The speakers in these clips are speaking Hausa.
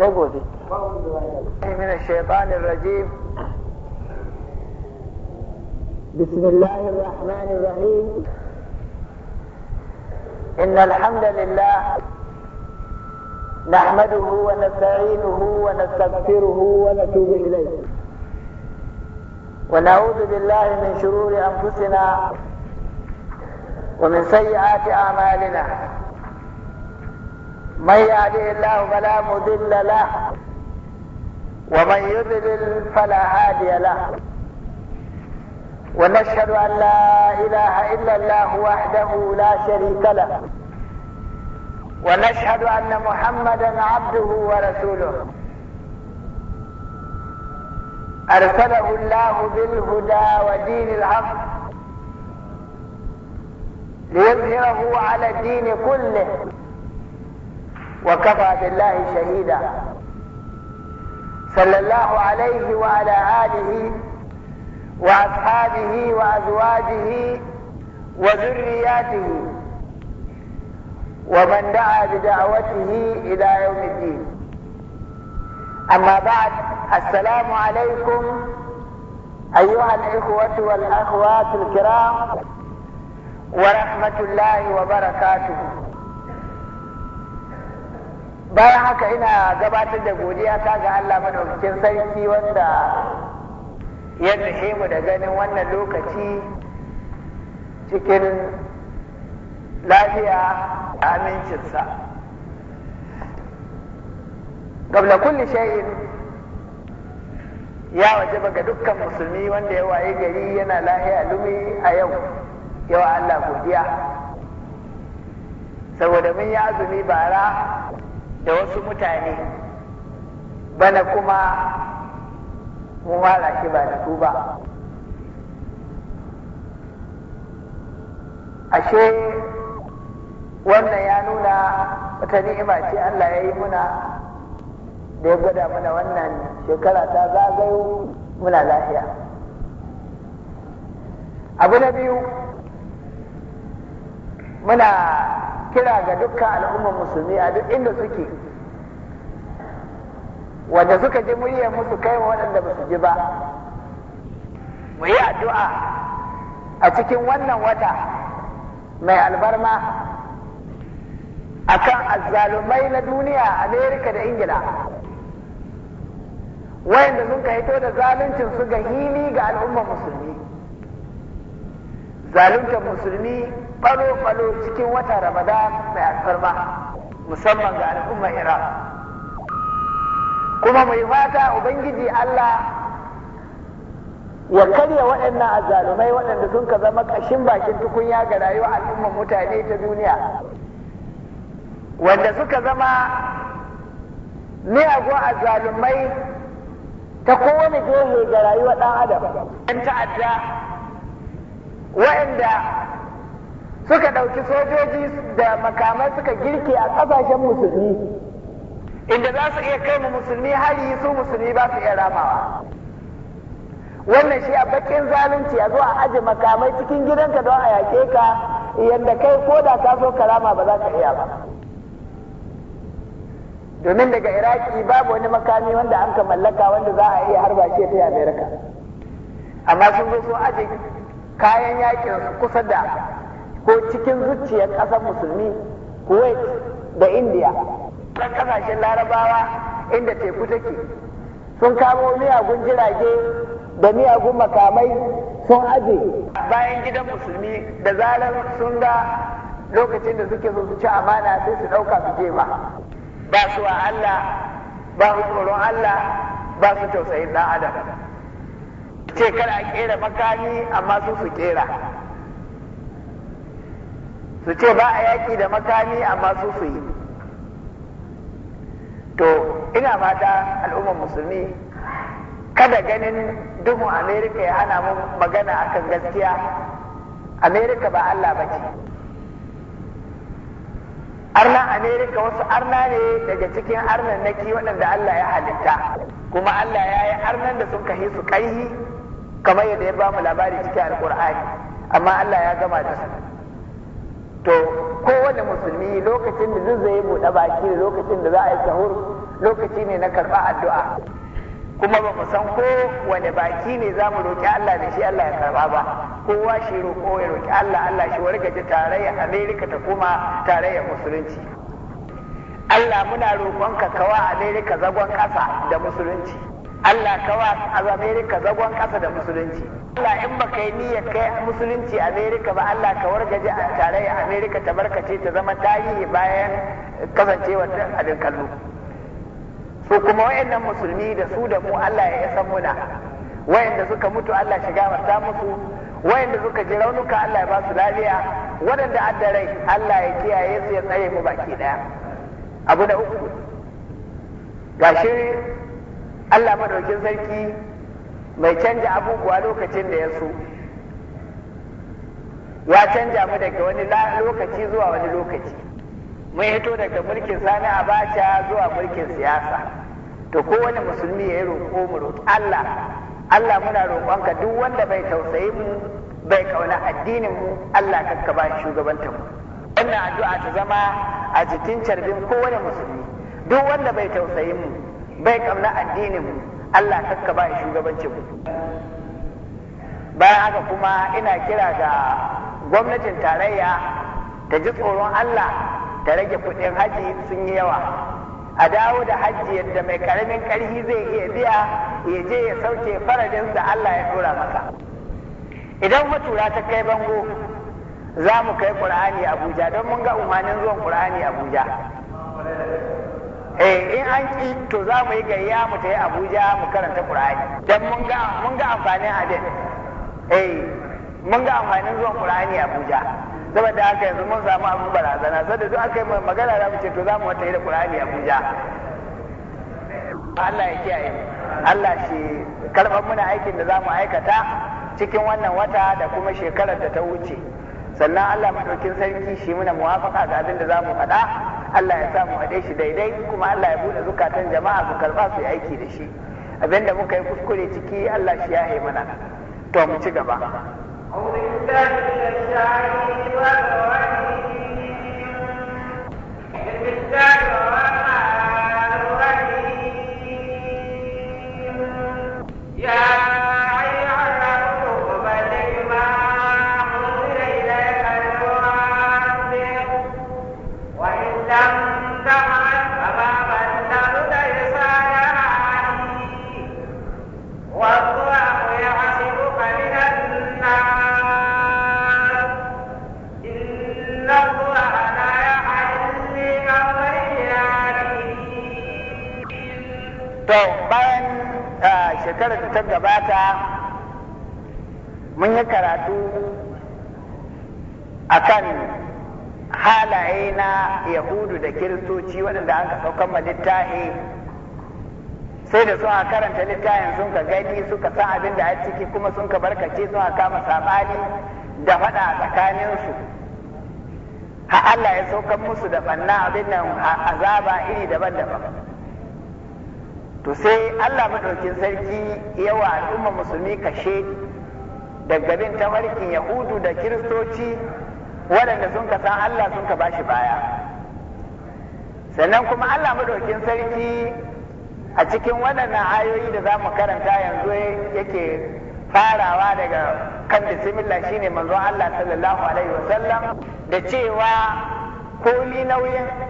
تقولي من الشيطان الرجيم بسم الله الرحمن الرحيم إن الحمد لله نحمده ونستعينه ونستغفره ونتوب إليه ونعوذ بالله من شرور أنفسنا ومن سيئات أعمالنا من يهده الله فلا مضل له ومن يضلل فلا هادي له ونشهد ان لا اله الا الله وحده لا شريك له ونشهد ان محمدا عبده ورسوله ارسله الله بالهدى ودين الحق ليظهره على الدين كله وكفى بالله شهيدا صلى الله عليه وعلى آله وأصحابه وأزواجه وذرياته ومن دعا بدعوته إلى يوم الدين أما بعد السلام عليكم أيها الإخوة والأخوات الكرام ورحمة الله وبركاته bayan haka ina gabatar da godiya ta ga Allah madaukakin sarki wanda ya nuhe mu da ganin wannan lokaci cikin lafiya da amincinsa gabla kulli shay'in ya waje ga dukkan musulmi wanda ya waye gari yana lahiya lumi a yau yawa Allah godiya saboda mun yi azumi bara da wasu mutane bana kuma mun wala shi ba da su ba ashe wannan ya nuna wata ni'ima ce Allah ya yi muna da ya gwada mana wannan shekara ta zagayo muna lafiya abu na biyu muna kira ga dukkan al'ummar musulmi a duk inda suke wanda suka ji muryar musu kai wa waɗanda ba su ji ba mu yi addu'a a cikin wannan wata mai albarma akan azzalumai na duniya amerika da ingila wayanda sun kaito to da zaluncin su ga hili ga al'ummar musulmi zaluntar musulmi falo-falo cikin wata ramadan mai alfarma musamman ga al'ummar iraq kuma mai fata ubangiji allah ya karya waɗannan azalumai waɗanda sun ka zama ƙashin bakin tukunya ga rayuwa al'ummar mutane ta duniya wanda suka zama miyagun azalumai ta kowane gehe ga rayuwa ɗan adam 'yan ta'adda waɗanda suka ɗauki sojoji da makamai suka girke a ƙasashen musulmi inda za su iya kai mu musulmi hari su musulmi ba su iya ramawa wannan shi a bakin zalunci a zo a aje makamai cikin gidanka don a yaƙe ka yadda kai ko da ka so karama ba za ka iya ba domin daga iraki babu wani makami wanda an ka mallaka wanda za a iya harba shi ta amerika amma sun zo sun aje kayan yakin kusa da ko cikin zuciyar ƙasar musulmi kuwait da Indiya. ɗan ƙasashen larabawa inda teku take sun kamo miyagun jirage da miyagun makamai sun aje bayan gidan musulmi da zarar sun ga lokacin da suke su ci amana sai su ɗauka su je ba ba su a Allah ba su tsoron Allah ba su tausayin ɗan adam ce kada a kera makami amma su su kera su ce ba a yaƙi da makami amma su su yi to ina mata al'ummar musulmi kada ganin duhun amerika ya hana mu magana akan gaskiya amerika ba allah ba ce arna amerika wasu arna ne daga cikin arnan naki waɗanda allah ya halitta kuma allah ya yi arnan da sun kahi su kaihi kamar yadda ya ba mu labari cikin alƙur'ani amma allah ya gama da su to kowane musulmi lokacin da zai buɗe baki da lokacin da za a yi sahur lokaci ne na karɓa addu'a kuma ba mu san ko wane baki ne za mu roƙi Allah da shi Allah ya karɓa ba kowa shi roƙo ya roƙi Allah Allah shi ji tarayyar Amerika ta kuma tarayyar musulunci Allah muna roƙonka kawa Amerika zagon ƙasa da musulunci Allah kawa az Amerika zagon kasa da musulunci Allah in ka yi niyyar kai musulunci Amerika ba Allah ka wargaje a tare a Amerika ta barkace ta zama tarihi bayan kasancewar abin kallo su kuma wayannan musulmi da su da mu Allah ya san muna wayanda suka mutu Allah shiga marta musu wayanda suka ji raunuka Allah ya ba su lafiya waɗanda addarai Allah ya kiyaye su ya tsare mu baki ɗaya. abu da uku gashi Allah madaukin sarki mai canja abubuwa lokacin da ya so ya canja mu daga wani lokaci zuwa wani lokaci mun hito daga mulkin sani abacha zuwa mulkin siyasa to kowane musulmi ya yi roƙo mu roƙi Allah Allah muna roƙonka duk wanda bai tausayi mu bai kauna addinin mu Allah kakka ba shugabantar mu wannan addu'a ta zama a jikin carbin kowane musulmi duk wanda bai tausayi mu bai kamna addinin mu Allah kakka ba shugabancin mu bayan haka kuma ina kira ga gwamnatin tarayya ta ji tsoron Allah ta rage kuɗin haji sun yi yawa a dawo da haji yadda mai karamin ƙarfi zai iya biya ya je ya sauke faradin da Allah ya dora masa idan matura ta kai bango za mu kai ƙur'ani abuja don mun ga umarnin zuwan ƙur'ani abuja eh in an yi to za mu yi gayya mu ta yi abuja mu karanta qur'ani dan mun ga mun ga amfanin hadin eh mun ga amfanin zuwan qur'ani abuja saboda haka yanzu mun samu abin barazana saboda duk aka yi magana za mu ce to za mu wata yi da qur'ani abuja Allah ya kiyaye Allah shi karɓar muna aikin da za mu aikata cikin wannan wata da kuma shekarar da ta wuce sannan Allah madaukin sarki shi muna muwafaka ga abin da za mu faɗa Allah ya samu haɗe shi daidai kuma Allah ya buɗe zukatan jama'a su karɓa su yi aiki da shi abin da muka yi kuskure ciki Allah shi ya mana to mu ci gaba بسم الله shekarar da ta gabata mun yi karatu akan halaye na yahudu da kiristoci waɗanda an ka saukan littahi sai da suna karanta littahin sun ka gani suka san abin da a ciki kuma sun ka barkace suka kama saɓani da faɗa a tsakaninsu ha Allah ya saukan musu da ɓanna abin nan azaba iri daban-daban to sai Allah madaukin sarki yawa al'umma musulmi kashe daga bin warkin yahudu da kiristoci waɗanda sun ka san Allah sun ka bashi baya sannan kuma Allah madaukin sarki a cikin waɗannan ayoyi da za mu karanta yanzu yake farawa daga kan bismillah shine manzon Allah sallallahu alaihi wasallam da cewa ko nauyin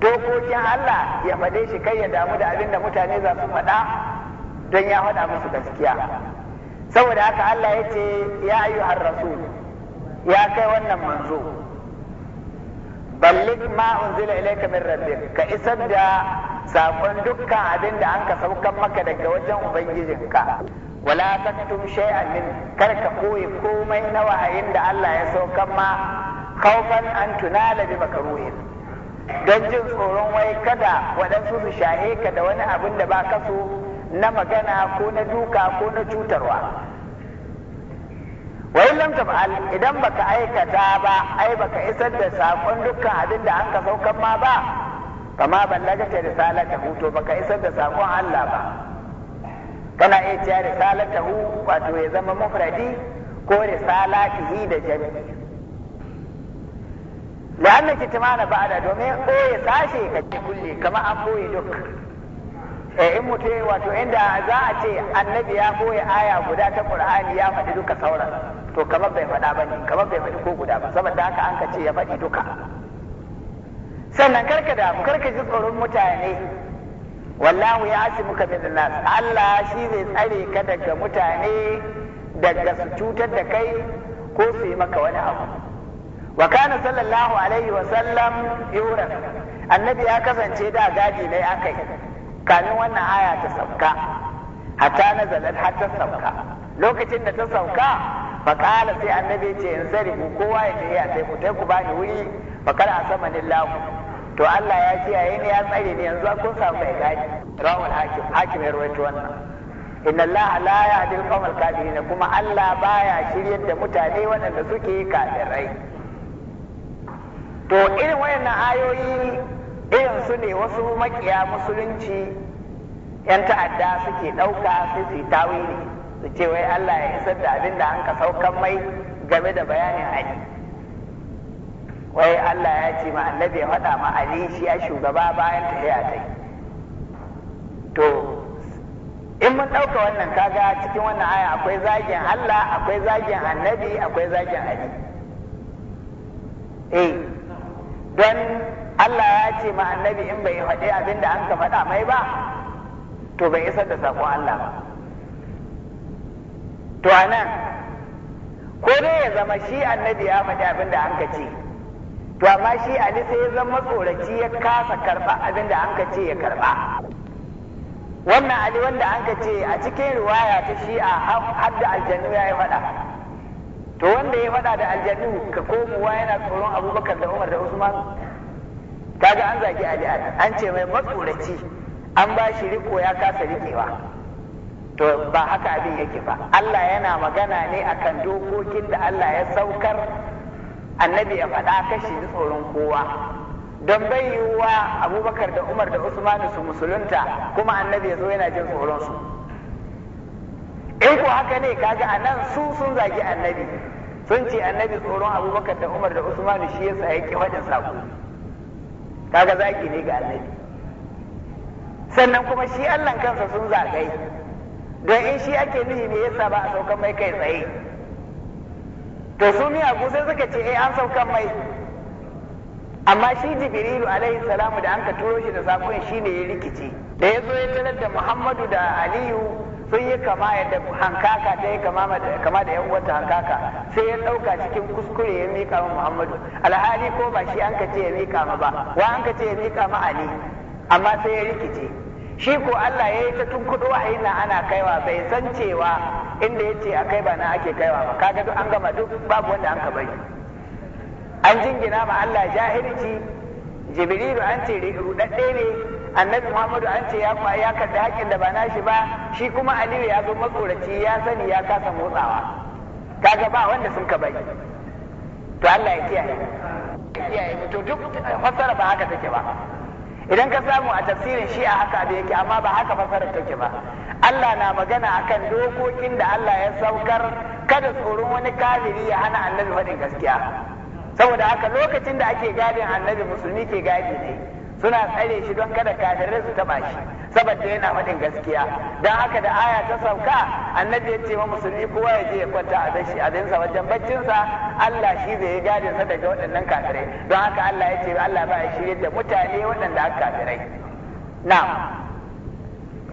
dokokin Allah ya faɗe shi kai ya damu da abin da mutane za su faɗa don ya faɗa musu gaskiya saboda haka Allah ya ce ya har rasul ya kai wannan manzo Ballin ma unzila ilayka min rabbik ka isar da sakon dukkan abin da an ka saukan maka daga wajen ubangijinka wala taktum shay'an min kar ka koyi komai nawa a da Allah ya saukan ma khawfan an tunala bi makruhin don jin tsoron wai kada waɗansu su shahe ka da wani abin da ba ka so na magana ko na duka ko na cutarwa wai lam tab'al idan baka aikata ba ai baka isar da sakon dukkan abin da an ka saukan ma ba kama ta risalata to baka isar da sakon Allah ba kana iya cewa hu wato ya zama mufradi ko risalatihi da jami'i la'annan ki tumana ba'ada domin ɓoye sashe ka kulle kama an ɓoye duk eh, in mutum wato inda za a ce annabi ya ɓoye aya guda ta qur'ani ya faɗi duka sauran to kamar bai faɗa ba ne kamar bai faɗi ko guda ba saboda haka an ka ce ya faɗi duka sannan karka da mu karka ji tsoron mutane wallahu ya muka min nas Allah shi zai tsare ka daga mutane daga su cutar da kai ko su yi maka wani abu wa kana sallallahu alaihi wa sallam yura annabi ya kasance da gadi ne akai Kanin wannan aya ta sauka hatta nazalat hatta sauka lokacin da ta sauka fa sai annabi ce in sari ku kowa ya tafi a sai ku ku bani wuri fa kar a sama to Allah ya kiyaye ni ya tsare ni yanzu kun samu mai gadi rawal hakim hakim ya rawaito wannan inna Allah la yahdi al kuma Allah baya shiryar da mutane waɗanda suke kafirai to irin na ayoyi irin su ne wasu makiya musulunci yan ta'adda suke ɗauka sai su yi tawili su ce wai Allah ya isar da abin da an ka saukan mai game da bayanin Ali wai Allah ya ce ma annabi ya faɗa ma Ali shi ya shugaba bayan tafiya ta yi to in mun ɗauka wannan kaga cikin wannan aya akwai zagin Allah akwai zagin annabi akwai zagin Ali eh don Allah ya ce ma annabi in bai faɗi abin da an ka faɗa mai ba to bai isar da saƙon Allah ba to nan, ko dai ya zama shi annabi ya faɗi abin da an ka ce to amma shi ali sai ya zama tsoraci ya kasa karɓa abin da an ka ce ya karɓa wannan ali wanda an ka ce a cikin riwaya ta shi a da aljanu ya yi faɗa to wanda ya faɗa da aljanu ka komowa yana tsoron abubakar da umar da usman kaga an zagi ali an ce mai matsoraci an ba shi riko ya kasa riƙewa to ba haka abin yake ba Allah yana magana ne akan dokokin da Allah ya saukar annabi ya faɗa kashi tsoron kowa don bai yiwuwa abubakar da umar da usman su musulunta kuma annabi ya zo yana jin tsoron su in ko haka ne kaga a nan su sun zagi annabi sun ce annabi tsoron abubakar da umar da usmanu shi ya tsaye ki wajen sako kaga zaki ne ga annabi sannan kuma shi allan kansa sun zagai don in shi ake nuhi ne yasa ba a saukan mai kai tsaye to su ku sai suka ce eh an saukan mai amma shi jibrilu alaihi salamu da an ka turo shi da sakon shi ne ya rikice da ya zo ya tarar da muhammadu da aliyu sun yi kama yadda hankaka ta kama da yan uwanta hankaka sai ya ɗauka cikin kuskure ya mika ma Muhammadu alhali ko ba shi an ka ce ya mika ma ba wa an ka ce ya mika ma Ali amma sai ya rikice shi ko Allah ya yi ta tunkuɗo wahayin nan ana kaiwa bai san cewa inda ya ce a kai ba na ake kaiwa ba kaga duk an gama duk babu wanda an ka bari an jingina ma Allah jahilci Jibrilu an ce rudadde ne annabi muhammadu an ce ya ya karɗi haƙƙin da ba shi ba shi kuma aliyu ya zo makoraci ya sani ya kasa motsawa kaga ba wanda sun ka bari to Allah ya kiyaye kiyaye to duk eh, fassara ba haka take ba idan ka samu a tafsirin shi a haka da yake amma ba haka fassara take ba Allah na magana akan dokokin da Allah ya saukar kada tsoron wani kafiri ya hana annabi faɗin gaskiya saboda haka lokacin da ake gadin annabi musulmi ke gadi ne suna tsare shi don kada kafirai su taba shi saboda yana madin gaskiya don haka da aya ta sauka annabi ya ce wa musulmi kowa ya je ya kwanta a dashi a dinsa wajen baccinsa Allah shi zai yi gadin sa daga waɗannan kafirai don haka Allah ya ce Allah ba ya shirye da mutane waɗanda aka kafirai na'am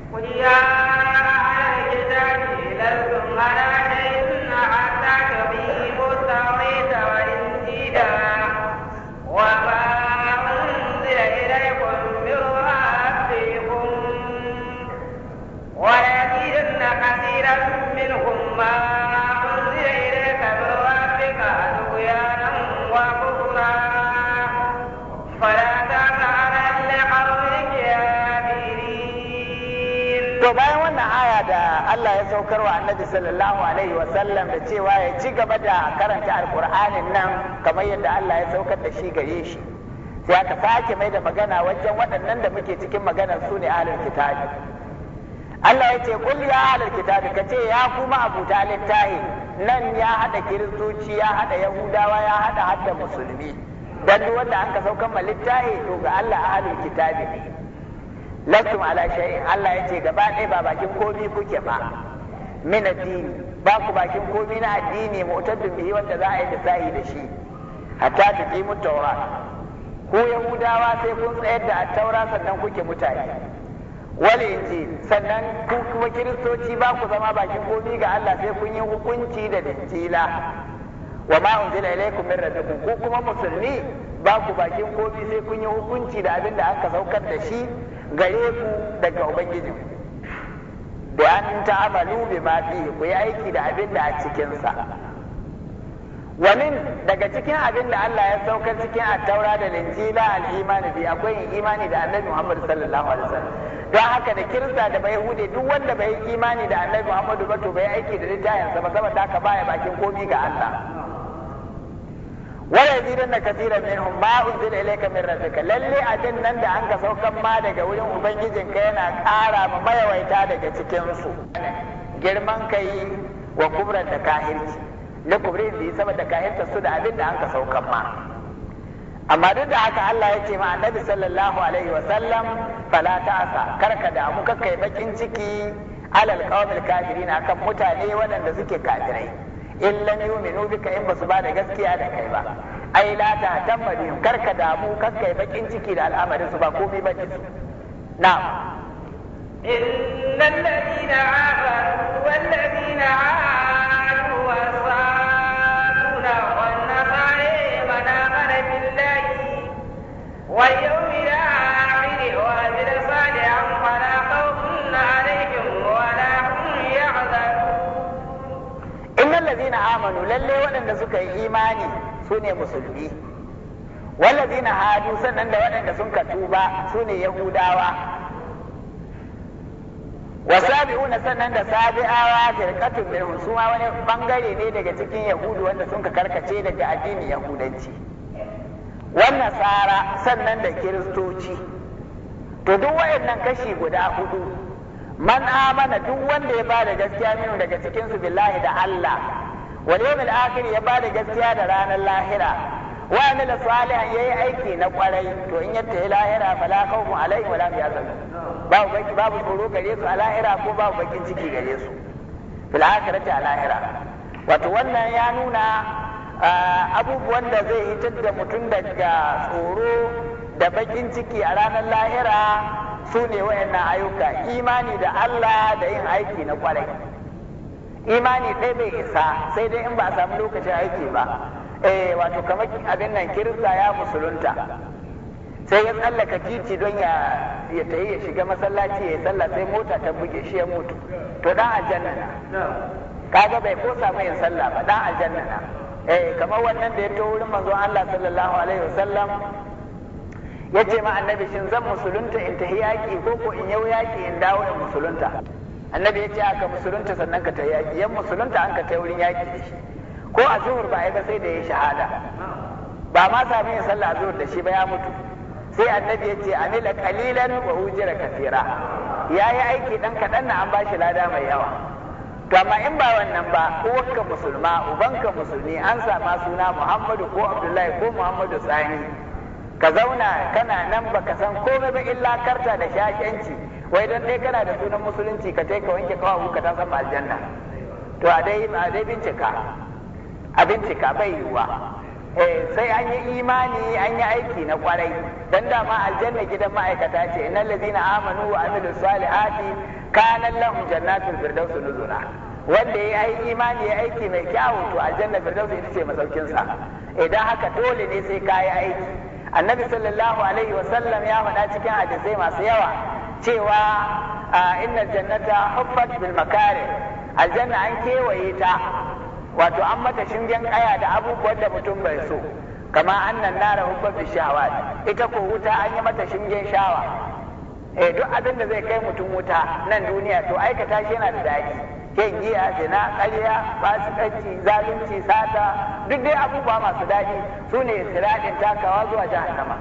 قل يا الكتاب على شيء حتى التوحيد وما ولكن كثيرا منهم ما أنزل إليك من ربك طغيانا وكفرا فلا تأس على القوم الكافرين. To bayan wannan aya da Allah ya saukar wa Annabi sallallahu alaihi wa sallam da cewa ya ci gaba da karanta Alƙur'anin nan kamar yadda Allah ya saukar da shi gare shi. Sai aka sake mai da magana wajen waɗannan da muke cikin maganar su ne ahlul kitabi. Allah ya ce kul ya hada kitabi ka ce ya kuma abuta tahi nan ya hada kiristoci ya hada yahudawa ya hada hadda musulmi dan duk wanda an ka saukan ma littahi to ga Allah ahlul kitabi lakum ala shay Allah ya ce gaba ɗaya ba bakin komi kuke ba min addini ba ku bakin komi na addini ta bihi wanda za a yi sahi da shi hatta tuqimu tawrat ku yahudawa sai kun tsayar da at-taura sannan kuke mutane wale ce sannan ku kuma kiristoci ba ku zama bakin komi ga Allah sai kun yi hukunci da injila wa ma unzila ilaykum min rabbikum ku kuma musulmi ba ku bakin komi sai kun yi hukunci da abin da aka saukar da shi gare ku daga ubangiji da an ta'amalu bi ma fihi ku yi aiki da abin da a cikin sa wamin daga cikin abinda Allah ya saukar cikin attaura da linjila al'imani bi akwai imani da annabi Muhammad sallallahu alaihi wasallam don haka da kirista da bai hude duk wanda bai imani da annabi Muhammadu ba to bai aiki da littafinsa ba ta ka baya bakin komi ga Allah wala yazidan da kasiran minhum ma unzil ilayka min rabbika lalle abin nan da an ka saukan ma daga wurin ka yana kara ma mayawaita daga cikin su girman kai wa kubran da kahirci na kubrin bi saboda kayanta su da abin da an ka saukan ma amma duk da haka Allah ya ce ma annabi sallallahu alaihi wa sallam fala ta'asa kar ka damu kar kai bakin ciki alal qawmil kafirin akan mutane waɗanda suke kafirai in lam yu'minu bika in basu ba da gaskiya da kai ba ai la ta tammadi kar ka damu kar kai bakin ciki da al'amarin su ba komai bane su na'am إن الذين عافوا والذين عانوا وصاروا واليوم الآخر وأجل صالحا ولا خوف عليهم ولا هم يحزنون إن الذين آمنوا للي ولن سكي إيماني سنة مسلمين والذين هادوا sannan da waɗanda sun ka tuba su ne Yahudawa wa sabi'una sannan da sabi'awa firqatun minhum su ma wani bangare ne daga cikin Yahudu wanda sun karkace daga addinin Yahudanci wannan tsara sannan da kiristoci to duk wayannan kashi guda hudu man amana duk wanda ya bada gaskiya min daga cikin su billahi da Allah wal yawmil akhir ya bada gaskiya da ranar lahira wa amila salihan yayi aiki na kwarai to in yatta lahira fala khawfun alaihi wala hum babu baki babu tsoro gare su a lahira ko babu bakin ciki gare su fil akhirati a lahira wato wannan ya nuna abubuwan da zai hitar da mutum daga tsoro da bakin ciki a ranar lahira su ne wayannan ayyuka imani da Allah da yin aiki na kwarai imani ɗaya bai isa sai dai in ba a samu lokacin aiki ba eh wato kamar abin nan kirista ya musulunta sai ya tsallaka titi don ya ya tayi ya shiga masallaci ya sallah sai mota ta buge shi ya mutu to dan aljanna na kaga bai ko samu yin sallah ba dan aljanna eh kamar wannan da ya to wurin manzo Allah sallallahu alaihi wasallam ya ce ma annabi shin zan musulunta in tahi yaƙi ko ko in yau yaƙi in dawo in musulunta annabi ya ce aka musulunta sannan ka tahi yaƙi yan musulunta an ka tahi wurin yaƙi ko a zuhur ba a ba sai da ya shahada ba ma sami yin sallah a zuhur da shi ba ya mutu sai annabi ya ce amila qalilan wa ujira kathira yayi aiki dan kadan na an bashi lada mai yawa kama in ba wannan ba uwanka musulma ubanka musulmi an sama suna muhammadu ko abdullahi ko muhammadu sani ka zauna kana nan ba ka san komai ba illa karta da shashanci wai don dai kana da sunan musulunci ka ka wanke kawo ka ta san aljanna to a dai bincika a bincika bai yiwuwa eh sai an yi imani an yi aiki na kwarai dan dama aljanna gidan ma'aikata ce innal ladina amanu wa amilus salihati kana lahum jannatul firdaus nuzula wanda ya yi imani ya aiki mai kyawu to aljanna firdaus ita ce masaukin sa idan haka dole ne sai ka yi aiki annabi sallallahu alaihi wa sallam ya faɗa cikin hadisi masu yawa cewa ah, inna jannata huffat bil makare aljanna an kewaye ta wato an mata shingen kaya da abubuwan da mutum bai so kama annan na hubba bi shawa ita ko wuta an yi mata shingen shawa eh duk abin da zai kai mutum wuta nan duniya to aikata shi yana da daɗi yin giya zina ƙarya fasikanci zalunci sata duk dai abubuwa masu daɗi su ne takawa zuwa jahannama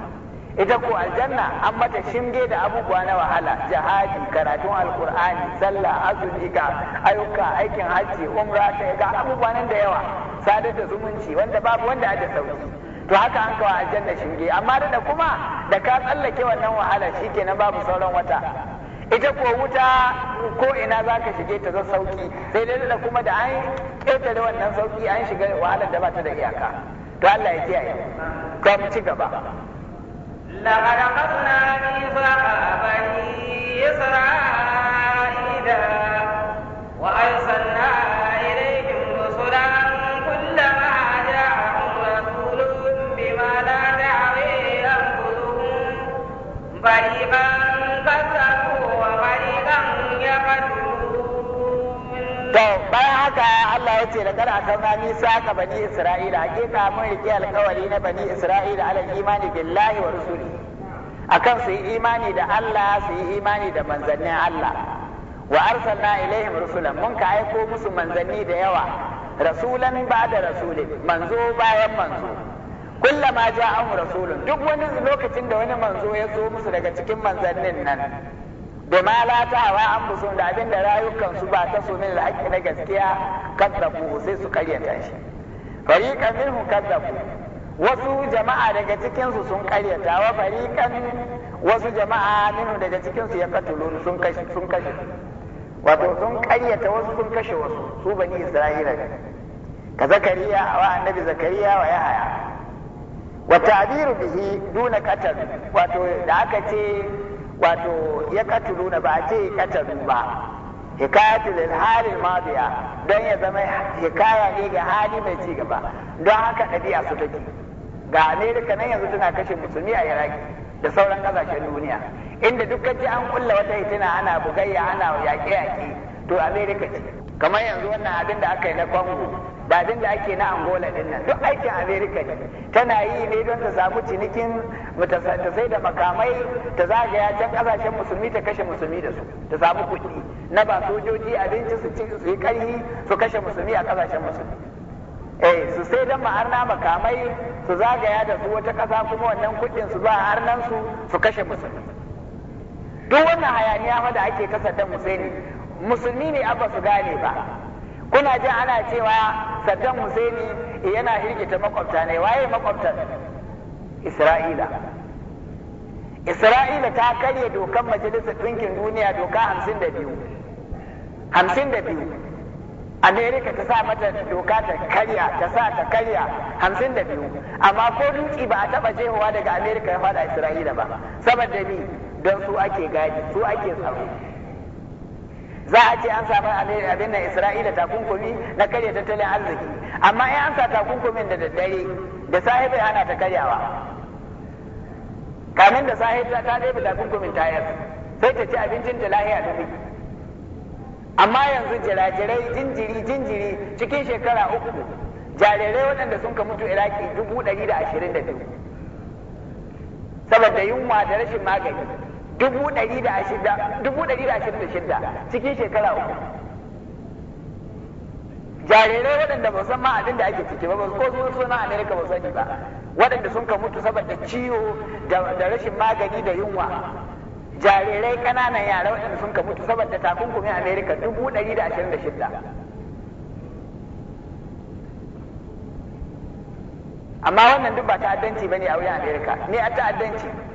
ita ko aljanna an mata shinge da abubuwa na wahala jihadi karatun alkur'ani sallah azumi ga ayyuka aikin hajji umra ta ga abubuwa nan da yawa sadar da zumunci wanda babu wanda da sauki to haka an kawo aljanna shinge amma da kuma da ka tsallake wannan wahala shikenan babu sauran wata ita ko wuta ko ina za ka shige ta zan sauki sai dai da kuma da an ƙetare wannan sauki an shiga wahalar da ba ta da iyaka to Allah ya kiyaye ka mu ci gaba راگارا ya da kana aka ba ni saka bani isra'ila hakika mun rike alkawari na bani isra'ila ala imani billahi wa rusuli akan su yi imani da Allah su yi imani da manzannin Allah wa arsalna ilaihim rusulan mun ka aiko musu manzanni da yawa rasulan ba da rasulin manzo bayan manzo kullama an rasulun duk wani lokacin da wani manzo ya zo musu daga cikin manzannin nan da ma la ta hawa an busun da abin da rayukansu ba ta so min na gaskiya kadzabu sai su karyata shi fariqan minhum kadzabu wasu jama'a daga cikin su sun karyata wa fariqan wasu jama'a minhu daga cikin su ya katulun sun kashe sun kashe wato sun karyata wasu sun kashe wasu su bani isra'ila ka zakariya wa annabi zakariya wa yahaya wa ta'biru bihi duna qatal wato da aka ce wato ya katuluna ba a ce qatalu ba hikayatu lil hali madiya don ya zama hikaya ne ga hali mai ci gaba don haka ɗabi'a su take ga amerika nan yanzu tana kashe musulmi a iraki da sauran ƙasashen duniya inda dukkan ji an kulla wata hitina ana bugayya ana yaƙe-yaƙe to amerika ce kamar yanzu wannan abin da aka yi na congo Ba abin da ake na angola din nan duk aikin america ne tana yi ne don ta samu cinikin ta sai da makamai ta zagaya can kasashen musulmi ta kashe musulmi da su ta samu kuɗi na ba sojoji abinci su ci su yi karhi su kashe musulmi a kasashen musulmi eh su sai da ma'arna makamai su zagaya da su wata ƙasa kuma wannan kuɗin su ba arnan su su kashe musulmi duk wannan hayaniya ma da ake kasaddan musulmi musulmi ne abba su gane ba kuna jin ana cewa saddam husaini yana hirgita makwabta ne waye makwabta isra'ila isra'ila ta karya dokan majalisar ɗinkin duniya doka hamsin da biyu amerika ta sa mata doka ta karya ta sa ta karya hamsin da biyu amma ko dutse ba a taba jehowa daga amerika ya fada isra'ila ba saboda ni don su ake gadi su ake tsaro za a ce an samu abin nan isra'ila takunkumi na karya tattalin arziki amma in an sa takunkumin da daddare da safe ana ta karyawa kamin da sahibi ta ta ɗaya takunkumin tayar sai ta ci abincin ta lahiya dubi amma yanzu jirajirai jinjiri jinjiri cikin shekara uku jarirai waɗanda sun ka mutu iraki dubu ɗari da ashirin da biyu saboda yunwa da rashin magani dubu ɗari da ashirin da shidda cikin shekara uku jarirai waɗanda ba san ma abin da ake ciki ba ba ko su na amerika ba sani ba waɗanda sun ka mutu saboda ciwo da rashin magani da yunwa jarirai ƙananan yara waɗanda sun ka mutu saboda takunkumin amerika dubu ɗari da ashirin da shidda amma wannan duk ba ta'addanci ba ne a wurin amerika ne a ta'addanci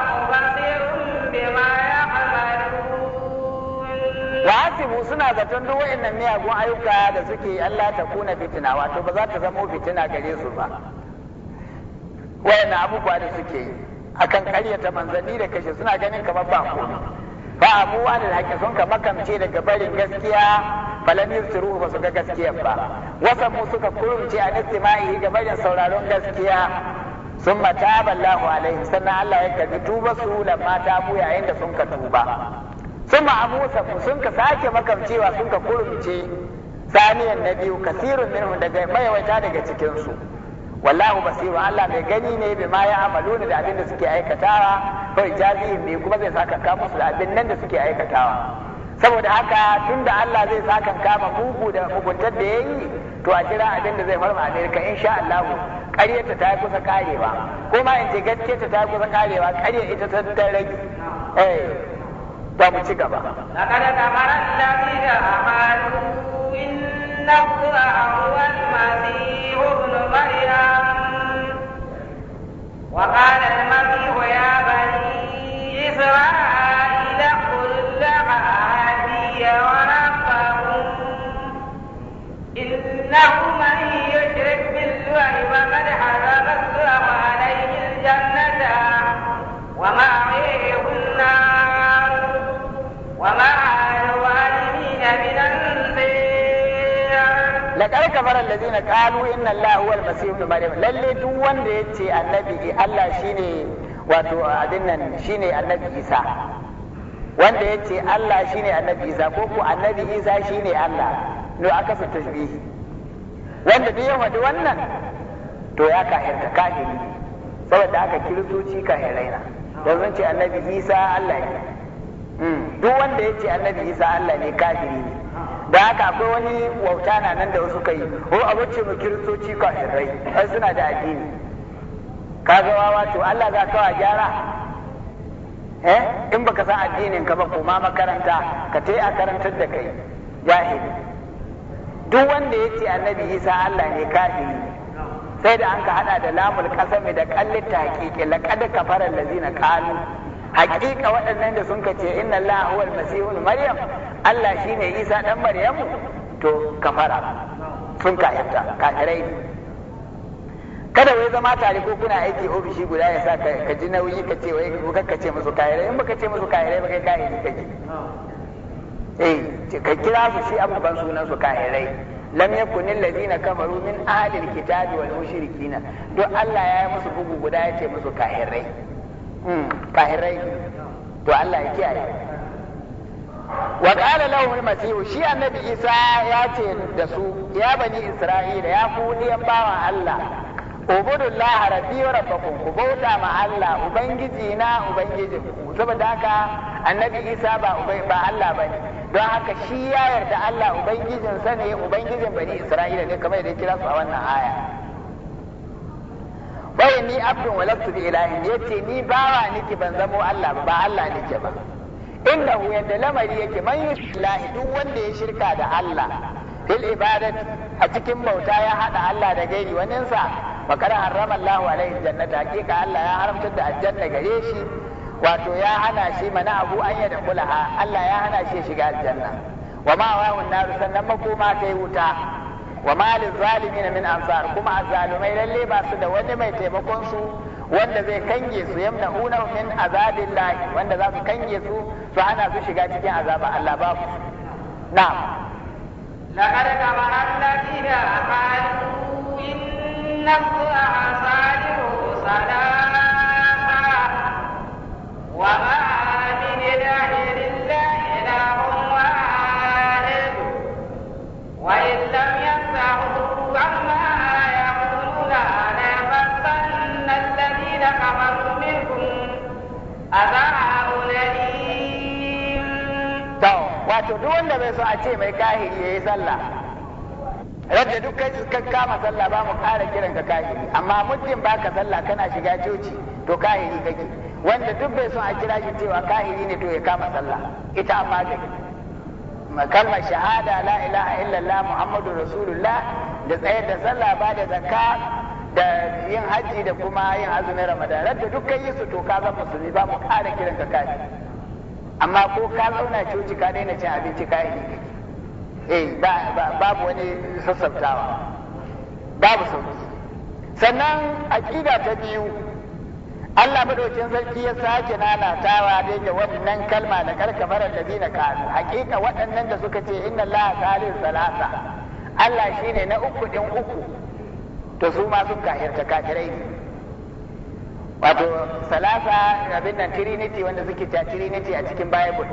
hasibu suna zaton duk wa'annan miyagun ayyuka da suke Allah ta kuna fitina wato ba za ta zamo fitina gare su ba wa'annan abubuwa da suke yi akan karyata manzanni da kashe suna ganin kamar ba komai ba abubuwa da haƙƙi sun ka makamce daga barin gaskiya falam yusiru ba su ga gaskiyar ba mu suka kurumce a yi ga barin sauraron gaskiya sun mata ballahu alaihi sannan Allah ya karbi tuba su lamma ta yayin da sun ka tuba sun ku sun ka sake makamcewa sun ka kurmice saniyan na biyu kasirun minhum daga mayawaita daga cikinsu wallahu basiru Allah mai gani ne bi ma ya amalu da abin da suke aikatawa ko ijazihim ne kuma zai saka ka musu da abin nan da suke aikatawa saboda haka tunda Allah zai saka kama bugu da muguntar da yayi to a jira abin da zai farma Amerika insha Allah ƙaryarta ta kusa karewa kuma in ce gaskiyarta ta kusa karewa karya ita ta rage eh da mu ci gaba laqad kafara alladhina amanu inna allaha wa qala ya jannata wa وما الوالدين من لقد كفر الذين قالوا ان الله هو المسيح ابن مريم lalle duk wanda ya ce annabi Allah shine wato abin nan shine annabi Isa wanda ya ce Allah shine annabi Isa ko ko annabi Isa shine Allah no aka su tashbihi wanda duk ya faɗi wannan to ya ka kafirta kafiri saboda aka kiristoci kafirai na yanzu ce annabi Isa Allah ne duk wanda ya ce annabi isa Allah ne kafiri ne da haka akwai wani wauta na nan da wasu kai ko a wacce mu kiristoci kafirai ai suna da addini Ka ga wawa to Allah za wa gyara eh in baka san addinin ka ba ma makaranta ka tai a karantar da kai jahili duk wanda ya ce annabi isa Allah ne kafiri sai da an ka hada da lamul kasami da kallita hakiki laqad kafara allazina qalu hakika waɗannan da sun ce inna Allah huwa al maryam Allah shine Isa dan Maryam to kafara sun kafirta kafirai kada wai zama tare ko kuna aiki ofishi guda ya sa ka ji nauyi ka ce wai ka ce musu kafirai in baka ce musu kafirai ba kai kafiri kake eh ka kira su shi abuban sunan su kafirai lam yakun alladhina kafaru min ahli alkitabi wal mushrikin don Allah ya yi musu bugu guda ya ce musu kafirai kahirai to Allah ya kiyaye wa qala lahum al-masih shi annabi Isa ya ce da su ya bani Isra'ila ya ku diyan bawan Allah ubudullaha rabbi wa rabbakum ku bauta ma Allah ubangiji na ubangijin ku saboda haka annabi Isa ba ubai ba Allah bane don haka shi ya yarda Allah ubangijin sa ne ubangijin bani Isra'ila ne kamar da kira su a wannan aya bai ni abdun walaktu bi ilahin yace ni bawa niki ban zamo Allah ba ba Allah nake ba inda hu yanda lamari yake man yuslahi duk wanda ya shirka da Allah fil ibadat a cikin bauta ya hada Allah da gairi waninsa makara harrama Allahu alaihi jannata hakika Allah ya haramta da aljanna gare shi wato ya hana shi mana abu an yada kulaha Allah ya hana shi shiga aljanna wa ma wa'un nar sannan makoma kai wuta wa malin zalimin min ansar kuma azzalumai lalle ba su da wani mai taimakon su wanda zai kange su yamna una min azabil lahi wanda za su kange su su hana su shiga cikin azaba Allah ba ku na'am لقد كفر الذين قالوا إن الله صالح ثلاثة وما من إله إلا هو واحد وإن يأخذوا عما يأخذون ليمسن الذين كفروا منكم عذاب أليم wato duk wanda bai so a ce mai kahiri ya yi sallah radda duk kai kama sallah ba mu ƙara kiran ka kahiri amma muddin baka sallah kana shiga coci to kahiri kake wanda duk bai so a kira shi cewa kahiri ne to ya kama sallah ita amma gari kalmar shahada la ilaha illallah muhammadu rasulullah da tsayar da sallah ba da zakka da yin hajji da kuma yin azumin ramadan da dukkan yi su to ka zama musulmi ba mu ƙara kiran ka kai amma ko ka zauna coci ka daina cin abinci ka yi eh ba babu wani sassautawa babu sauki sannan aƙida ta biyu Allah madaukin sarki ya sake nanatawa da yake wannan kalma da karkafar da zina kanu hakika waɗannan da suka ce inna Allah salis salasa Allah shine na uku din uku to su ma sun kahirta kafirai ne wato salasa abin nan trinity wanda suke ta trinity a cikin bible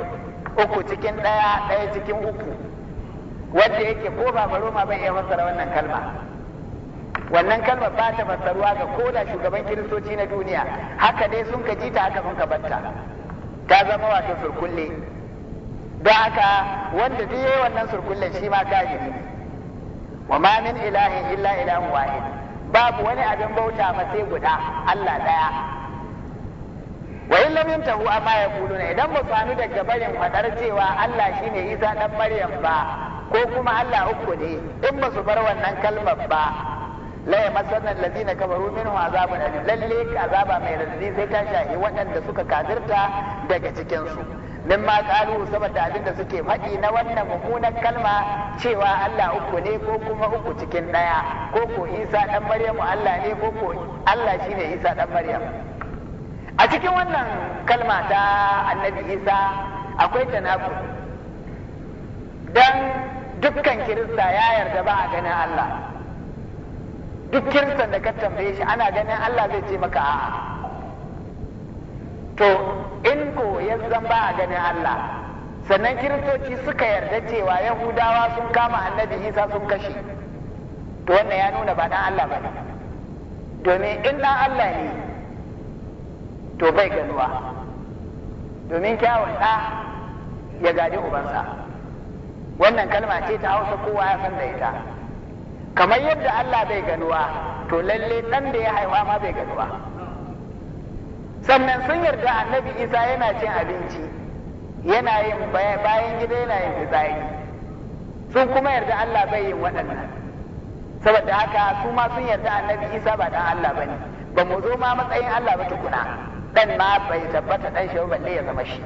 uku cikin ɗaya ɗaya cikin uku wanda yake ko ba baroma bai iya fassara wannan kalma wannan kalmar ba ta fassaruwa ga koda shugaban kiristoci na duniya haka dai sun ka jita haka sun ka batta ta zama wato surkulle don haka wanda zai yi wannan surkullen shi ma kafiri wa ma min ilahin illa ilahun wahid babu wani abin bauta ma sai guda Allah daya wa in lam yantahu amma kuluna, idan ba su hannu daga barin fadar cewa Allah shine Isa dan Maryam ba ko kuma Allah uku ne in ba su bar wannan kalmar ba la na kabaru kafaru a azabun alim lalle azaba mai lalle sai ta shahi waɗanda suka kafirta daga cikinsu. su min ma qalu saboda abin da suke faɗi na wannan mummunan kalma cewa Allah uku ne ko kuma uku cikin ɗaya ko ko Isa dan Maryamu Allah ne ko ko Allah shine Isa dan Maryam a cikin wannan kalma ta Annabi Isa akwai tanaku dan dukkan kirista ya yarda ba a ganin Allah duk kiristan da ka tambaye shi ana ganin Allah zai ce maka a'a to in ko ya zan ba a ganin Allah sannan kiristoci suka yarda cewa yahudawa sun kama annabi isa sun kashe to wannan ya nuna ba dan Allah ba ne domin in dan Allah ne to bai ganuwa domin kyawun ɗa ya gadi ubansa wannan kalma ce ta hausa kowa ya san da ita kamar yadda Allah bai ganuwa to lalle ɗan da ya haifa ma bai ganuwa sannan sun yarda annabi isa yana cin abinci yana yin bayan gida yana yin fitsari sun kuma yarda Allah bai yin waɗannan saboda haka su ma sun yarda annabi isa ba dan Allah bane ba mu zo ma matsayin Allah ba tukuna dan ma bai tabbata dan shi balle ya zama shi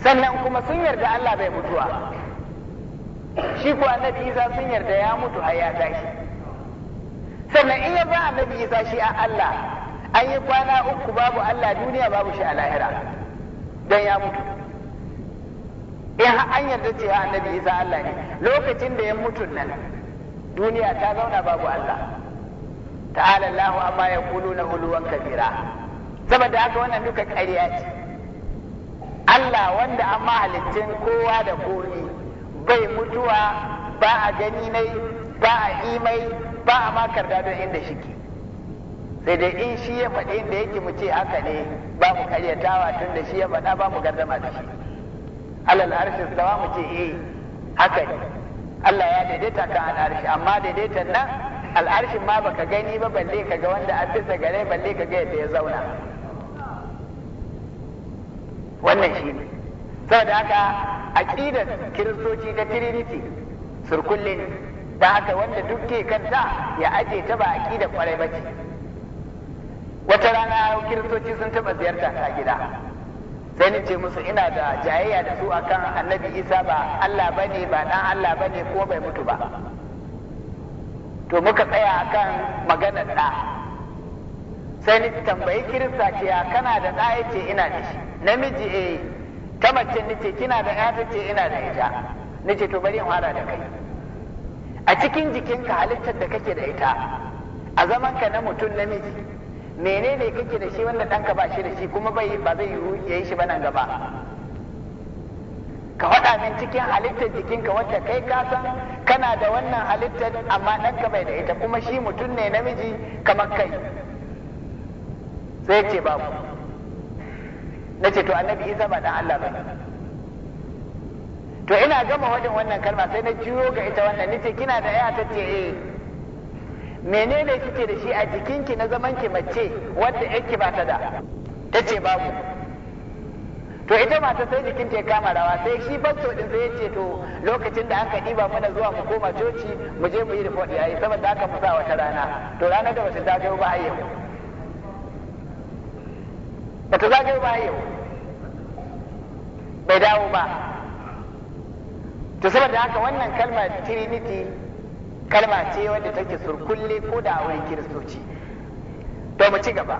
sannan kuma sun yarda Allah bai mutuwa shi ko annabi isa sun yarda ya mutu har ya tashi sannan in ya ba annabi isa shi a Allah an yi kwana uku babu Allah duniya babu shi a lahira don ya mutu in an yarda cewa annabi isa Allah ne lokacin da ya mutu nan duniya ta zauna babu Allah ta'ala Allahu amma ya kulu na huluwan kabira saboda haka wannan duka ƙarya ce Allah wanda amma halittun kowa da kori bai mutuwa ba a gani mai ba a imai ba a makar don inda shike sai dai in shi ya faɗi inda yake mu ce haka ne ba mu karyatawa tun da shi ya faɗa ba mu gardama da shi alal arshin sawa mu ce eh haka ne Allah ya daidaita kan al'arshi amma daidaita nan al'arshin ma baka gani ba balle ka ga wanda an fisa gare balle ka ga yadda ya zauna wannan shi ne saboda haka aqidar kiristoci ta trinity surkulle da haka wanda duk dukke kanta ya aje ta ba aqidar kwarai bace wata rana kiristoci sun taba ziyarta ta gida sai ni ce musu ina da jayayya da su akan annabi isa ba allah bane ba dan allah bane ko bai mutu ba to muka tsaya akan maganar da sai ni tambayi kirista ce kana da da yace ina da shi namiji eh ta mace nace kina da ya tace ina da ita nace to bari in fara da kai a cikin jikinka halittar da kake da ita a zaman ka na mutum namiji menene kake da shi wanda ɗanka ba shi da shi kuma bai ba zai yiwu ya yi shi ba nan gaba ka faɗa min cikin halittar jikinka wacce kai ka san kana da wannan halittar amma ɗanka bai da ita kuma shi mutum ne namiji kamar kai sai ce babu na ce to annabi isa ba dan Allah ba to ina gama wajen wannan kalma sai na juyo ga ita wannan nace kina da ya tace eh menene kike da shi a jikinki na zaman ki mace wanda yake ba ta da tace babu to ita mata sai jikin ta kama rawa sai shi fasto din sai yace to lokacin da aka diba mana zuwa mu koma coci mu je mu yi report ai saboda haka mu sa wata rana to ranar da bata ta ba a yau Bata ta ba yau bai dawo ba to saboda haka wannan kalma trinity kalma ce wadda take surkulle ko da wani kiristoci to mu ci gaba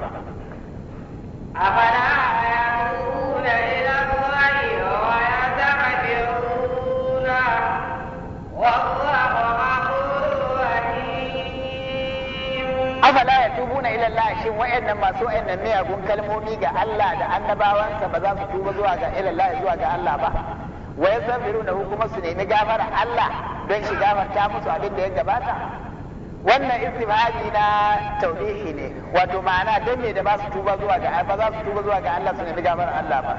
wa يتوبون إلى الله afala ya na ila Allah shin wayannan masu wayannan miyagun kalmomi ga Allah da annabawansa ba za su tuba zuwa ga ila Allah zuwa ga Allah ba wa na kuma su nemi gafara Allah don shi gafarta musu abin da ya gabata wannan istifhami na taubihi ne wato ma'ana dan ne da ba su tuba zuwa ga ba za su tuba zuwa ga Allah su nemi gafara Allah ba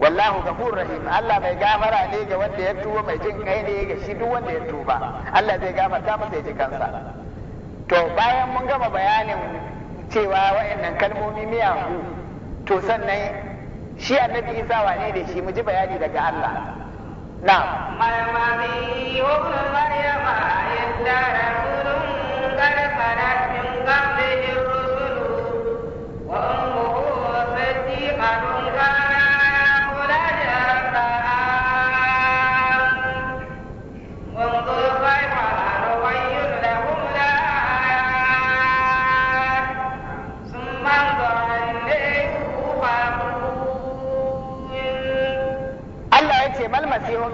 wallahu ghafur rahim Allah mai gafara ne ga wanda ya tuba mai jin kai ne ga shi duk wanda ya tuba Allah zai gafarta masa ya ji kansa to bayan mun gama bayanin cewa wa'annan kalmomi miyagu to sannan shi annabi isa wane da shi mu ji bayani daga Allah na almani ibn maryama yadda rasulun qad farat min qablihi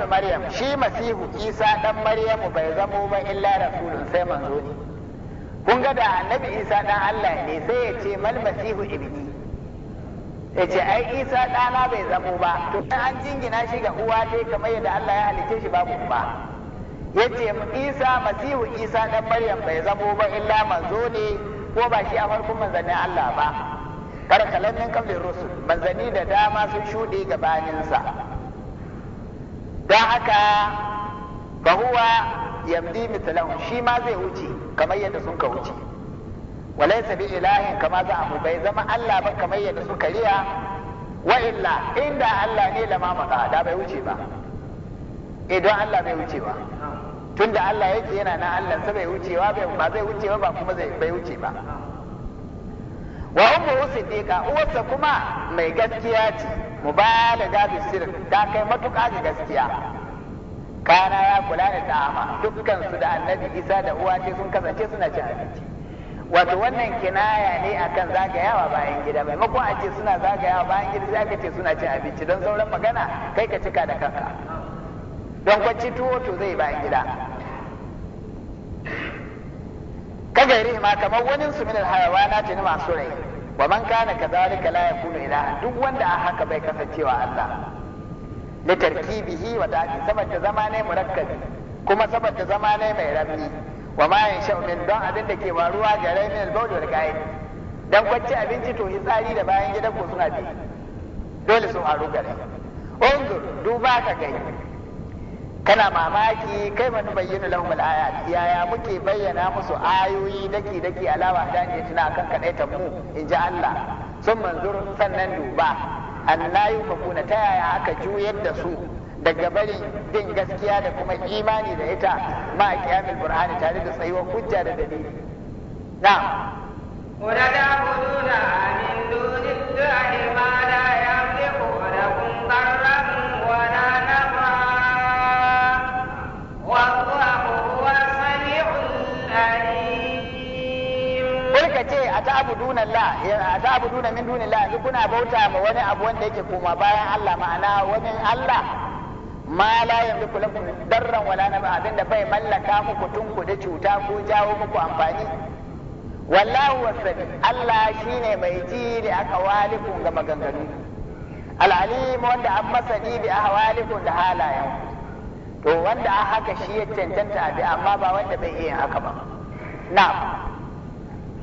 ibnu maryam shi masihu isa dan maryamu bai zamo ba illa rasulun sai manzo ne kun ga da annabi isa dan allah ne sai ya ce mal masihu ibni ya ce ai isa ɗana bai zamo ba to an jingina shi ga uwa dai kamar yadda allah ya halice shi babu ba ya ce isa masihu isa dan maryam bai zamo ba illa manzo ne ko ba shi a farkon manzannin allah ba Kar kalannin kamar rusul manzanni da dama sun shuɗe gabaninsa don haka fahuwa yamdi misalan shi ma zai wuce kamar yadda sun ka wuce walai sabi ilahin kama za a bai zama Allah ba kamar yadda suka riya wa illa inda Allah ne lama maka da bai wuce ba idan eh, Allah bai wuce ba tunda Allah yake yana na Allah sa bai wuce ba Ba zai wuce ba kuma zai bai wuce ba wa ummu siddiqa uwarsa kuma mai gaskiya ce mubalaga bi sir ta kai matuƙa ga gaskiya kana ya kula da ta'ama dukkan su da annabi isa da uwa ce sun kasance suna cin abinci wato wannan kinaya ne akan zagayawa bayan gida maimakon a ce suna zagayawa bayan gida sai aka ce suna cin abinci don sauran magana kai ka cika da kanka don kwanci tuwo to zai bayan gida kagairi ma kamar wani su min alhayawa na tuni masu rai wa man kana kadhalika la yakunu ilaha duk wanda a haka bai kasancewa Allah li tarkibihi wa ta'ati saboda zama ne murakkabi kuma saboda zama mai rabbi wa ma min don abin da ke waruwa ga rainin min al-bawl dan abinci to tsari da bayan gidan ko suna bi dole sun haru gare unzur duba ka gani kana mamaki kai man bayyana lahum al-ayat yaya muke bayyana musu ayoyi daki daki alawa tana tuna akan ta mu in ji Allah sun manzur sannan duba annayu mafuna ta yaya aka juyar da su daga bari din gaskiya da kuma imani da ita ma kiyamul qur'ani tare da tsayuwar hujja da dalili na'am wa تعبدون min dunillahi الله ce a ta'buduna Allah a min dunillah duk kuna bauta ma wani abu wanda yake koma bayan Allah ma'ana wani Allah ma la yamliku lakum darran wala nafa abinda bai mallaka muku da cuta ko jawo muku amfani wallahu wasami Allah shine mai ji da aka waliku ga maganganu al-alim wanda an masa ji da ahwalikum da halayen to wanda a haka shi ya cancanta abi amma ba wanda bai iya haka ba na'am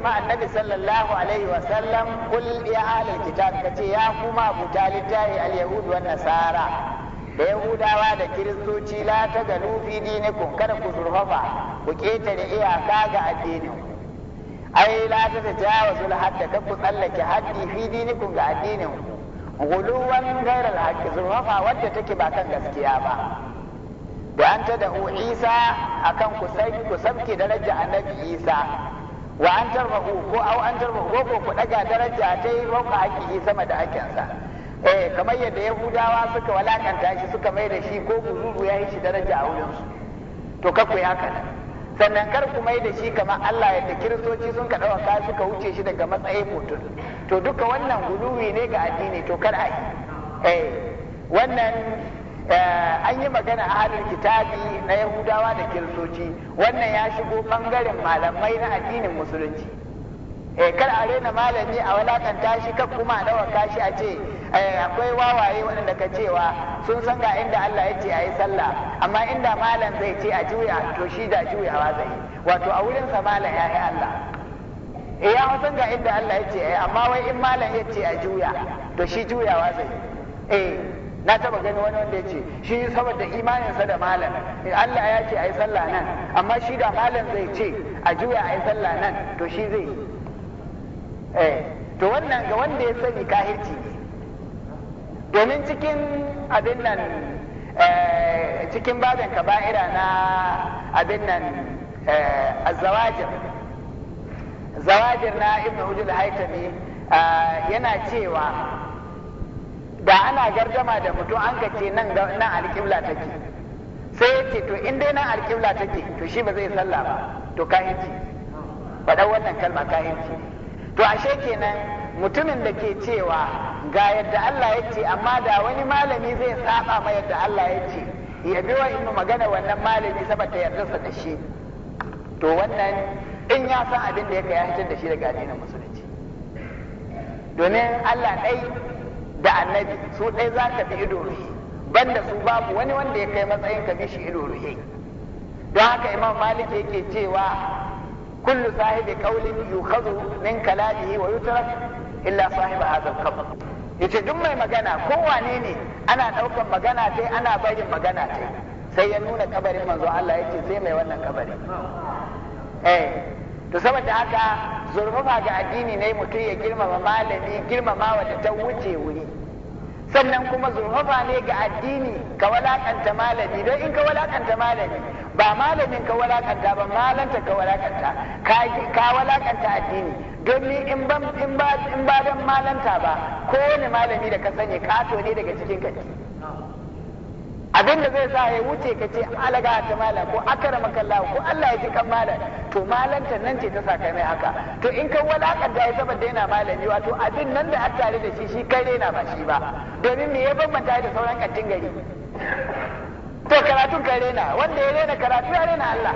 ma annabi sallallahu alaihi wa sallam kul ya ahlul kitab kace ya kuma buta talitai al yahud nasara da yahudawa da kiristoci la ta ga nufi kun kada ku zurfafa ku ketare iyaka ga addinin ai la ta sul hatta ka ku tsallake haddi fi kun ga addinin guluwan gairar haƙƙi zurfafa wadda take ba kan gaskiya ba da an ta da isa akan ku sabke daraja annabi isa wa an tarbahu ko au an tarbahu ko ku daga daraja ta yi fauka haƙiƙi sama da sa eh kamar yadda yahudawa suka walakanta shi suka mai da shi ko gururu ya yi shi daraja a wurin su to kar ku haka sannan kar ku mai da shi kamar Allah yadda kiristoci sun ka ɗauka suka wuce shi daga matsayin mutum to duka wannan guluwi ne ga addini to kar a yi eh wannan Eh, an yi magana a halin kitabi na yahudawa da kiristoci wannan ya shigo ɓangaren malamai na addinin musulunci eh, kar a rena malami a walakanta shi kan kuma a ɗaukaka kashi a ce eh, akwai wawaye waɗanda ka cewa sun san ga inda Allah ya ce a yi sallah amma inda malam zai ce a juya to shi da juyawa zai wato a sa malam ya yi Allah eh ya san ga inda Allah ya ce a yi amma wai in malam ya ce a juya to shi juyawa zai eh na taba gani wani wanda ya ce shi saboda imaninsa da malam Allah ya ce a yi sallah nan amma shi da malam zai ce a juya a yi sallah nan to shi zai eh to wannan ga wanda ya sani kahirci ne domin cikin abin nan eh, cikin babin kaba'ira na abin nan eh, azawajir zawajir na ibn hujul haitami eh, yana cewa da ana gardama da mutum an ka ce nan nan alƙibla take sai ya ce to in dai nan alƙibla take to shi ba zai sallah ba to kayanci faɗa wannan kalma kayanci to ashe kenan mutumin da ke cewa ga yadda Allah ya ce amma da wani malami zai saba ma yadda Allah ya ce ya bi wa magana wannan malami saboda yardarsa da shi to wannan in ya san abin da ya kai ya hitar da shi daga addinin musulunci domin Allah ɗai da annabi su ɗaya za ka bi ido ruhe banda su babu wani wanda ya kai matsayin ka bi ido ruhe don haka imam malik yake cewa kullu sahibi qaulin yukhadhu min kalamihi wa yutrak illa sahibi hadha al-qabr yace duk mai magana wane ne ana daukan magana tai ana barin magana sai ya nuna kabarin manzo Allah yace sai mai wannan kabari eh to saboda haka zurfafa ga addini ne mutum ya girmama malami girmama da ta wuce wuri sannan kuma zurfafa ne ga addini ka walakanta malami don in ka walakanta malami ba malamin ka walakanta ba malanta ka walakanta ka walakanta addini don in ba in ba dan malanta ba kowane malami da ka sani kato ne daga cikin kanti abin da zai sa ya wuce ka ce alaga ta mala ko akara makalla ko Allah ya ji kan malam to malantar nan ce ta saka mai haka to in kan walakanta ya saboda yana malami wato abin nan da tare da shi shi kai rena ba shi ba domin me ya bambanta da sauran kantin gari to karatun kai rena wanda ya rena karatu ya rena Allah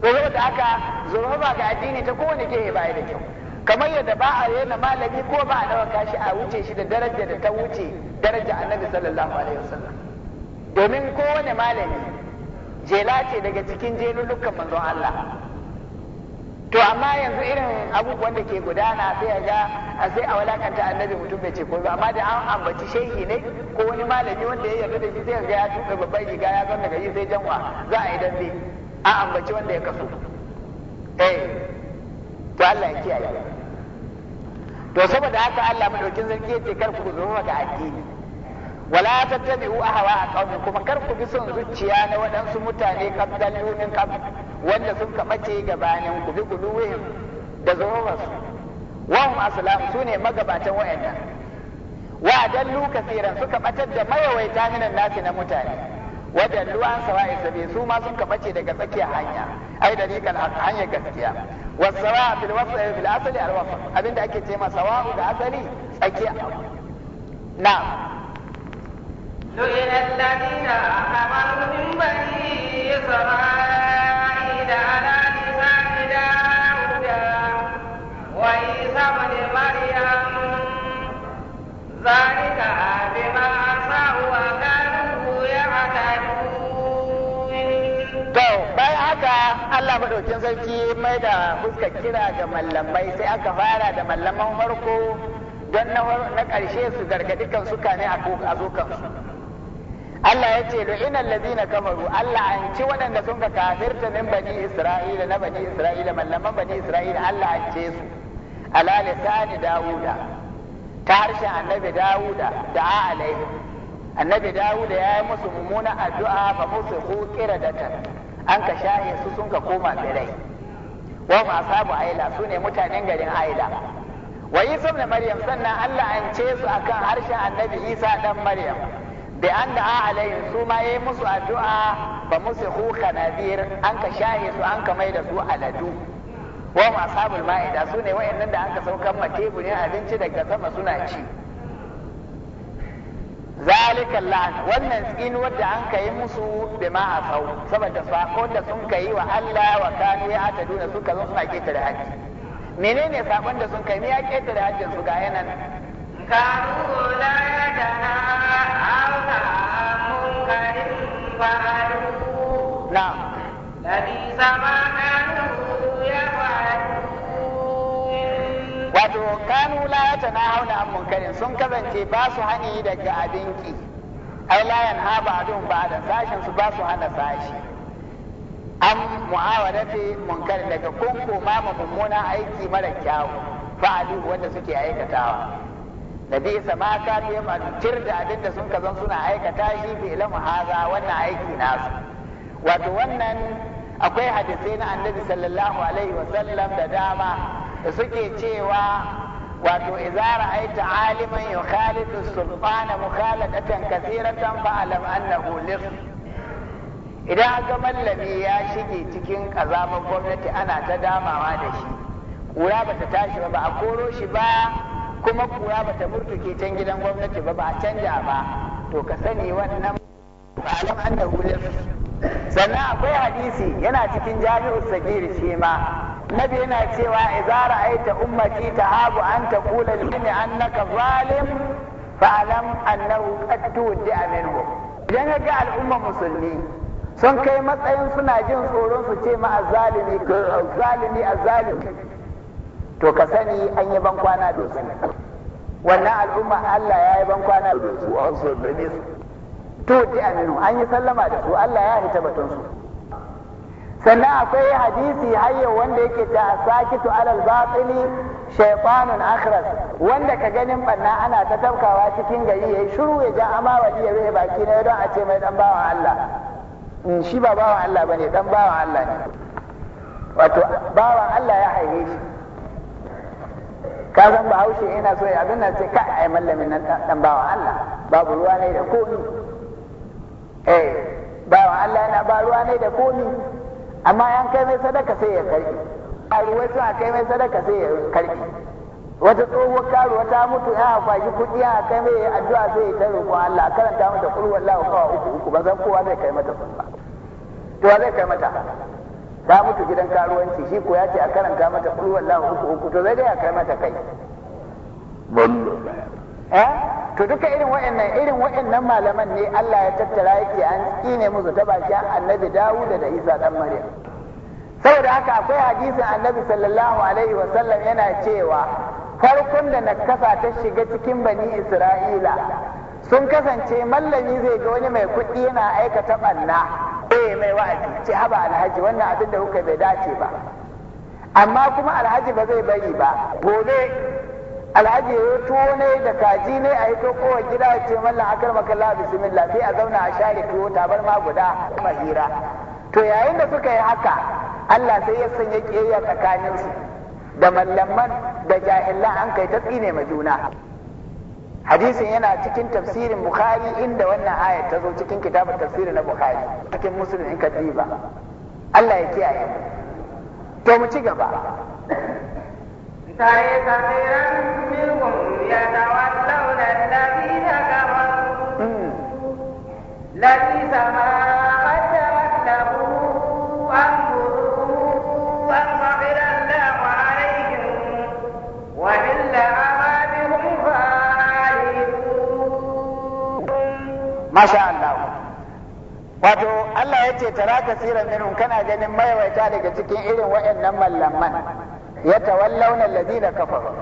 to saboda haka zuwa ga addini ta kowane gehe baya da kyau kamar yadda ba a rena malami ko ba a nawa kashi a wuce shi da daraja da ta wuce daraja annabi sallallahu alaihi wasallam domin kowane malami jela ce daga cikin jelulukan manzon Allah to amma yanzu irin abubuwan da ke gudana sai a ga a sai a walakanta annabi mutum bai ce ko ba amma da an ambaci shehi ne ko wani malami wanda ya yarda da shi sai ga ya tuka babban riga ya zama daga yi sai janwa za a yi dambe an ambaci wanda ya kaso eh to Allah ya kiyaye to saboda haka Allah madaukin sarki yake kar ku zo ga addini wala tattabi'u ahwa qaumin kuma kar ku bi son zuciya na waɗansu mutane dalilin kan wanda sun kamace gabanin ku bi guluwihim da zuwansu wa hum aslam sune magabatan wayannan wa dallu kasiran suka batar da mayawaita minan nasi na mutane wa dallu an sawa'i sabi su ma sun kamace daga tsakiyar hanya ai da hanya gaskiya wasawa fil wasl fil asali al wasl abinda ake ce ma sawa'u da asali tsakiya na لئن الذين آمنوا من بني إسرائيل على لسان داود وعيسى بن مريم ذلك بما عصوا وكانوا To, bayan haka Allah madaukin sarki mai da fuskar kira ga mallamai sai aka fara da mallaman farko don na ƙarshe su gargaɗi kansu ne a zo kansu. Allah ya ce lu'ina allazina kamaru Allah an ci waɗanda sun ka kafirta min bani Isra'ila na bani Isra'ila mallaman bani Isra'ila Allah an ce su ala lisani Dawuda ta harshen annabi Dawuda da alaihi annabi Dawuda ya yi musu mummuna addu'a fa musu ku qiradatan an ka shaye su sun ka koma birai wa ma sabu aila su ne mutanen garin aila wa isa ibn maryam sannan Allah an ce su akan harshen annabi isa dan maryam bi anna alaihim su ma yi musu addu'a ba fa musihu biyar. an ka shaye su an ka mai da su aladu wa ma sabul ma'ida su ne wayannan da an ka saukan ma teburin abinci daga sama suna ci zalika la'an wannan tsin wadda an kai musu da ma asau saboda sakon da sun kai wa Allah wa kanu ya ta duna suka zo suna ketare haji menene sakon da sun kai me ya ketare hajjin su ga yanan kanu la yadana auna munkarin faru na labi sama kanu ya faru wato kanu la ta na hauna an munkarin sun kasance ba su hani daga abin ki ai la yanha ba da sashin su ba su hana sashi an mu'awadati munkarin daga kunko ma mummuna aiki mara kyawu fa'alu wanda suke aikatawa da bi sama ka ne mantir da abin da sun kazan suna aikata shi bi ilmu haza wannan aiki nasu wato wannan akwai hadisai na annabi sallallahu alaihi wasallam da dama da suke cewa wato izara aita aliman yukhalidu sultana mukhalaqatan kathiratan fa alam annahu idan ga mallami ya shige cikin kazaman gwamnati ana ta damawa da shi kura bata tashi ba ba a koro shi ba kuma kura bata murtuke can gidan gwamnati ba ba a canja ba to ka sani wannan ba alam annahu sannan akwai hadisi yana cikin jami'ul sagir shi ma nabi yana cewa idza ra'aita ta tahabu an taqula lil annaka zalim fa'lam annahu qad tuwadda minhu idan ga al'umma musulmi sun kai matsayin suna jin tsoron su ce ma azalimi azalimi, to ka sani an yi ban kwana da su wannan al'umma Allah ya yi ban kwana da su an da su to da aminu an yi sallama da su Allah ya hita batun su sannan akwai hadisi hayyo wanda yake ta sakitu alal batili shaytanun akhras wanda ka ganin banna ana ta tabkawa cikin gari yayi shiru ya ja amma wali ya rufe baki na don a ce mai dan bawa Allah In mm, shi ba bawa Allah bane dan bawa Allah ne wato bawa Allah ya haife shi ka san bahaushe ina so ya abin nan sai ka ai mallamin nan dan bawa Allah babu ruwa ne da komi eh bawa Allah yana ba ruwa ne da komi amma yan kai mai sadaka sai ya karki a ruwaito a kai mai sadaka sai ya karki wata tsohuwar karuwa ta mutu ya kwaji kuɗi a kai mai addu'a sai ya ta roƙon Allah karanta mata kul wallahu kawa uku uku ba zan kowa zai kai mata sun ba to zai kai mata ta mutu gidan karuwanci shi ko ya ce a karanta mata kul wallahu uku uku to zai dai ya kai mata kai Eh? to duka irin wa'annan irin wa'annan malaman ne Allah ya tattara yake an tsine musu ta bakin annabi Dawud da Isa dan Maryam saboda haka akwai hadisin annabi sallallahu alaihi wa sallam yana cewa farkon da nakasa ta shiga cikin bani Isra'ila sun kasance mallami zai ga wani mai kuɗi yana aikata banna eh mai wa'azi ce haba alhaji wannan abin da kuka bai dace ba amma kuma alhaji ba zai bari ba gobe alhaji ya tuwo ne da kaji ne a yi kowa gida ya ce mallan akar makalla bismillah sai a zauna a share tuwo tabar ma guda kuma hira to yayin da suka yi haka Allah sai ya sanya kiyayya tsakanin su da mallaman da jahilan an kai ta tsine ma juna hadisin yana cikin tafsirin bukhari inda wannan aya ta zo cikin kitabun tafsiri na bukhari cikin muslim in kadiba Allah ya kiyaye mu to mu ci gaba Masha Allah wato Allah ya ce tara kasiran minhum kana ganin maiwaita daga cikin irin wa'annan mallaman. ya na allazina kafaru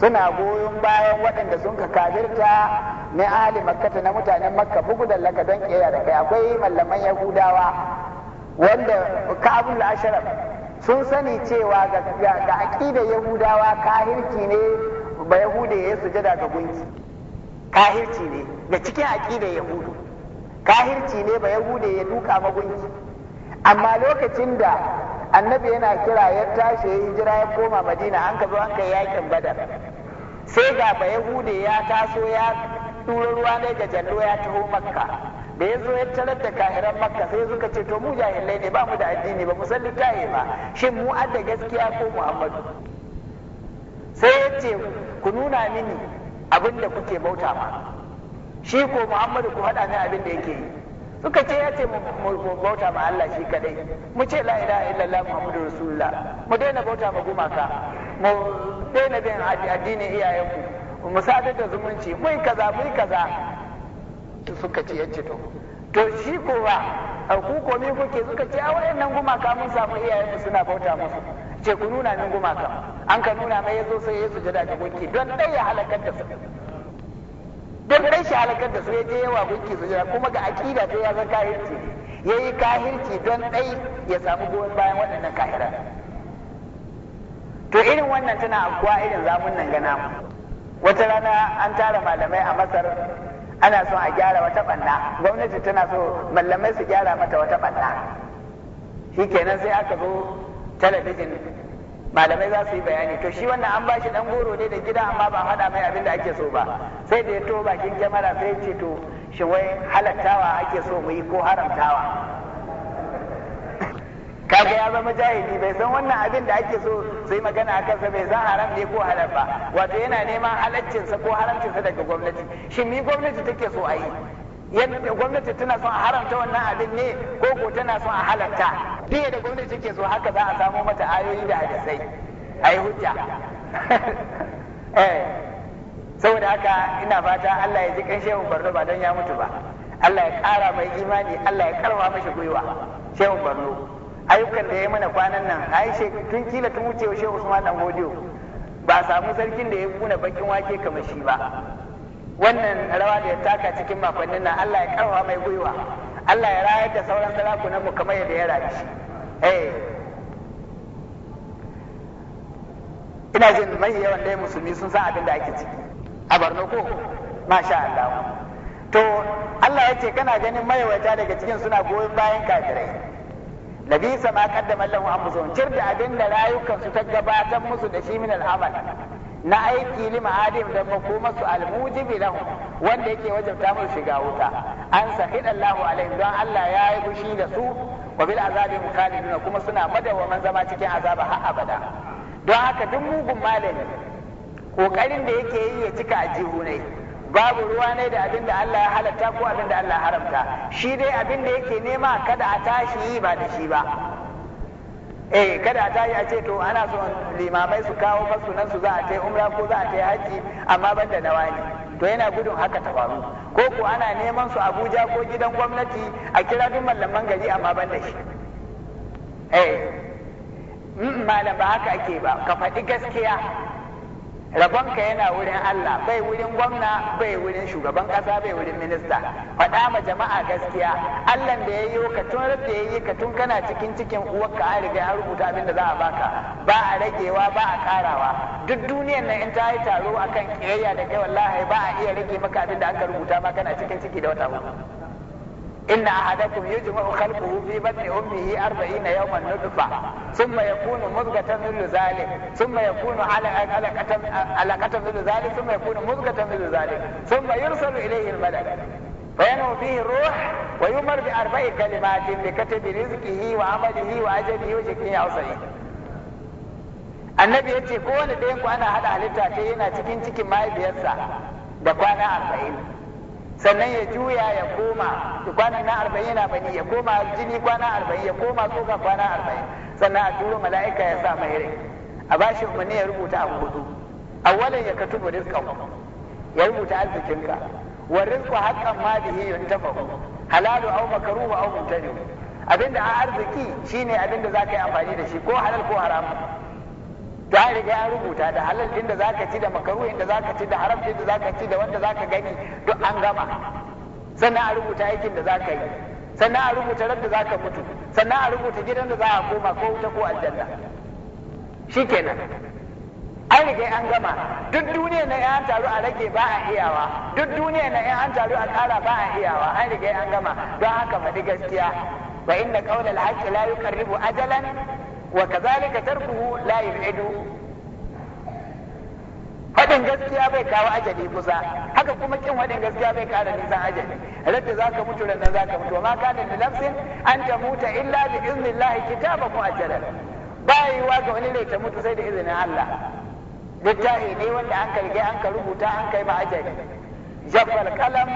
suna goyon bayan waɗanda sun ka kafirta na makkata na mutanen makka bugu da laka don da kai akwai mallaman yahudawa wanda ka'abul asharaf sun sani cewa ga aƙidar yahudawa kahirci ne ba Yahuda ya sujada ga gunki kahirci ne da cikin aƙidar yahudu kahirci ne ba Yahuda ya duka magunki amma lokacin da annabi yana kira ya tashi ya hijira ya koma madina an ka zo an kai yakin badar sai ga ba yahude ya taso ya turo ruwa ne ga jallo ya taho makka da ya zo ya tarar da kahiran makka sai suka ce to mu jahilai ne ba mu da addini ba mu san littaye ba shin mu adda gaskiya ko muhammadu sai ya ce ku nuna mini abin da kuke bauta ma shi ko muhammadu ku haɗa ne abin da yake yi suka ce ya ce mu bauta ma Allah shi kadai mu ce la ilaha illallah muhammadur rasulullah mu daina bauta ma gumaka mu daina bin addinin iyayenku mu sadar da zumunci mu kaza mu kaza suka ce yace to to shi ko ba ku ko me kuke suka ce a wayannan gumaka mun samu iyayenku suna bauta musu ce ku nuna min gumaka an ka nuna mai yazo sai ya jada da gunki don dai ya halakar da su duk ran shi halakar da su ya je yawa gunki jira, kuma ga akida sai ya zan kahirci ya yi kahirci don ɗai ya samu goyon bayan waɗannan kahira to irin wannan tana kuwa irin zamun nan gana mu wata rana an tara malamai a masar ana son a gyara wata ɓanna gwamnati tana so malamai su gyara mata wata ɓanna kenan sai aka zo talabijin malamai za su yi bayani to shi wannan an bashi dan goro ne da gida amma ba hada mai abin da ake so ba sai da ya to bakin kyamara sai ce to shi wai halattawa ake so mu yi ko haramtawa kaga ya zama jahili bai san wannan abin da ake so su yi magana a kansa bai san haram ne ko halal ba wato yana neman halaccinsa ko haramcinsa daga gwamnati shin ni gwamnati take so a yi yadda gwamnati tana son a haramta wannan abin ne ko ko tana son a halarta. duk da gwamnati ke so haka za a samo mata ayoyi da hadisai ayi hujja eh saboda haka ina fata Allah ya ji kan shehun Borno ba don ya mutu ba Allah ya ƙara mai imani Allah ya karwa mashi gwiwa shehu Borno ayyukan da ya mana kwanan nan ai tun kila tun wucewa shehu Usman dan Godiyo ba samu sarkin da ya kuna bakin wake kamar shi ba wannan rawa da ya taka cikin makonnin nan Allah ya karwa mai gwiwa Allah ya rayar da sauran sarakunan mu kamar yadda ya rayu shi eh ina jin mai yawan dai musulmi sun san abin da ake ciki a Borno ko masha Allah to Allah ya ce kana ganin mayawaita daga cikin suna goyon bayan kafirai labisa ma qaddama lahu anfusuhum cir da abin da rayukan su ta gabatar musu da shi min al'amal na aiki li ma'adim da makomasu almujibi lahum wanda yake wajabta musu shiga wuta an sahid Allahu alaihim don Allah ya yi fushi da su wa bil azabi mukhaliduna kuma suna man zama cikin azaba har abada don haka duk mugun malami kokarin da yake yi ya cika ajihu ne babu ruwa ne da abin da Allah ya halatta ko abin da Allah ya haramta shi dai abin da yake nema kada a tashi yi ba da shi ba eh kada ta yi a ce to ana son limamai su kawo nan su za a ta umra ko za a ta haji amma ban nawa nawani to yana gudun haka ta faru ko ko ana neman su Abuja ko gidan gwamnati a kira duk mallaman gari amma ban da shi eh malam ba haka ake ba ka faɗi gaskiya rabonka yana wurin Allah bai wurin gwamna bai wurin shugaban kasa bai wurin minista faɗa ma jama'a gaskiya Allah da ya yi ka tun da ya yi ka tun kana cikin cikin uwar ka riga ya rubuta abin da za a baka ba a ragewa ba a karawa duk duniyar nan in ta yi taro akan kiyayya da kai wallahi ba a iya rage maka abin da aka rubuta ma kana cikin ciki da wata hudu إن أحدكم يجمع خلقه في بطن أمه أربعين يوما نطفة ثم يكون مضغة مثل ذلك ثم يكون على علقة مثل ذلك ثم يكون مضغة مثل ذلك ثم يرسل إليه الملك فينمو فيه الروح ويؤمر بأربع كلمات لكتب رزقه وعمله وأجله وشكله أو النبي ya ce أنا ɗayan ku ana haɗa halitta ta yana cikin cikin أربعين sannan ya juya ya koma kwana na arba'in na bani ya koma jini kwana arba'in ya koma tsoka kwana arba'in sannan a turo mala'ika ya sa mai rai a bashi umarni ya rubuta abu hudu awwalan ya katubu rizqan ya rubuta arzikinka wa rizqu haqqan ma bihi yuntafahu halalu aw makruhu aw mumtani abinda a arziki shine abinda zaka yi amfani da shi ko halal ko haram to an riga an rubuta da halalcin da ka ci da makaruhin da ka ci da haramcin da ka ci da wanda za ka gani duk an gama sannan a rubuta aikin da za ka yi sannan a rubuta ran da za ka mutu sannan a rubuta gidan da za a koma ko wuta ko aljanna Shi kenan, an riga an gama duk duniya na an taru a rage ba a iyawa duk duniya na an taru a kara ba a iyawa an riga an gama don haka faɗi gaskiya wa inna qawla al-haqqi la yuqarribu ajalan wa kazalika tarkuhu la yub'idu faɗin gaskiya bai kawo ajali kusa haka kuma kin faɗin gaskiya bai kara nisan ajali radda zaka mutu nan zaka mutu ma kana da nafsin an ta muta illa bi iznillahi kitaban mu'ajjalan bayiwa ga wani ne ta mutu sai da izinin Allah littafi ne wanda an karge an ka rubuta an kai ma ajali jabbal kalam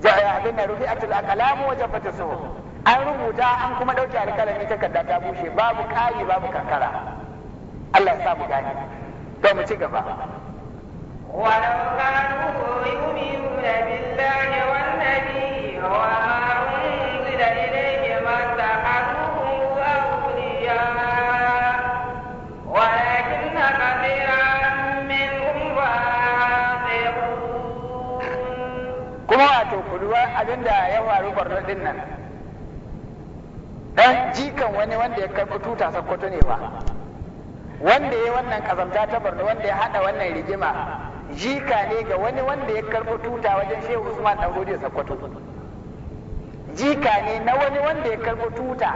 ja abin rufi'atul aqlam wa jabbatu suhuf an rubuta an kuma ɗauke alkalami takarda ta bushe babu ƙari babu kankara Allah ya samu gani to mu ci gaba ولو كانوا يؤمنون بالله والنبي وما أنزل إليه ما اتخذوه أولياء ولكن كثيرا منهم فاسقون. كما abinda ya faru barno nan dan jikan wani wanda ya karɓi tuta sakkwato ne ba wanda ya wannan kazamta ta barno wanda ya hada wannan rigima jika ne ga wani wanda ya karɓi tuta wajen shehu usman dan godiya sakkwato jika ne na wani wanda ya karɓi tuta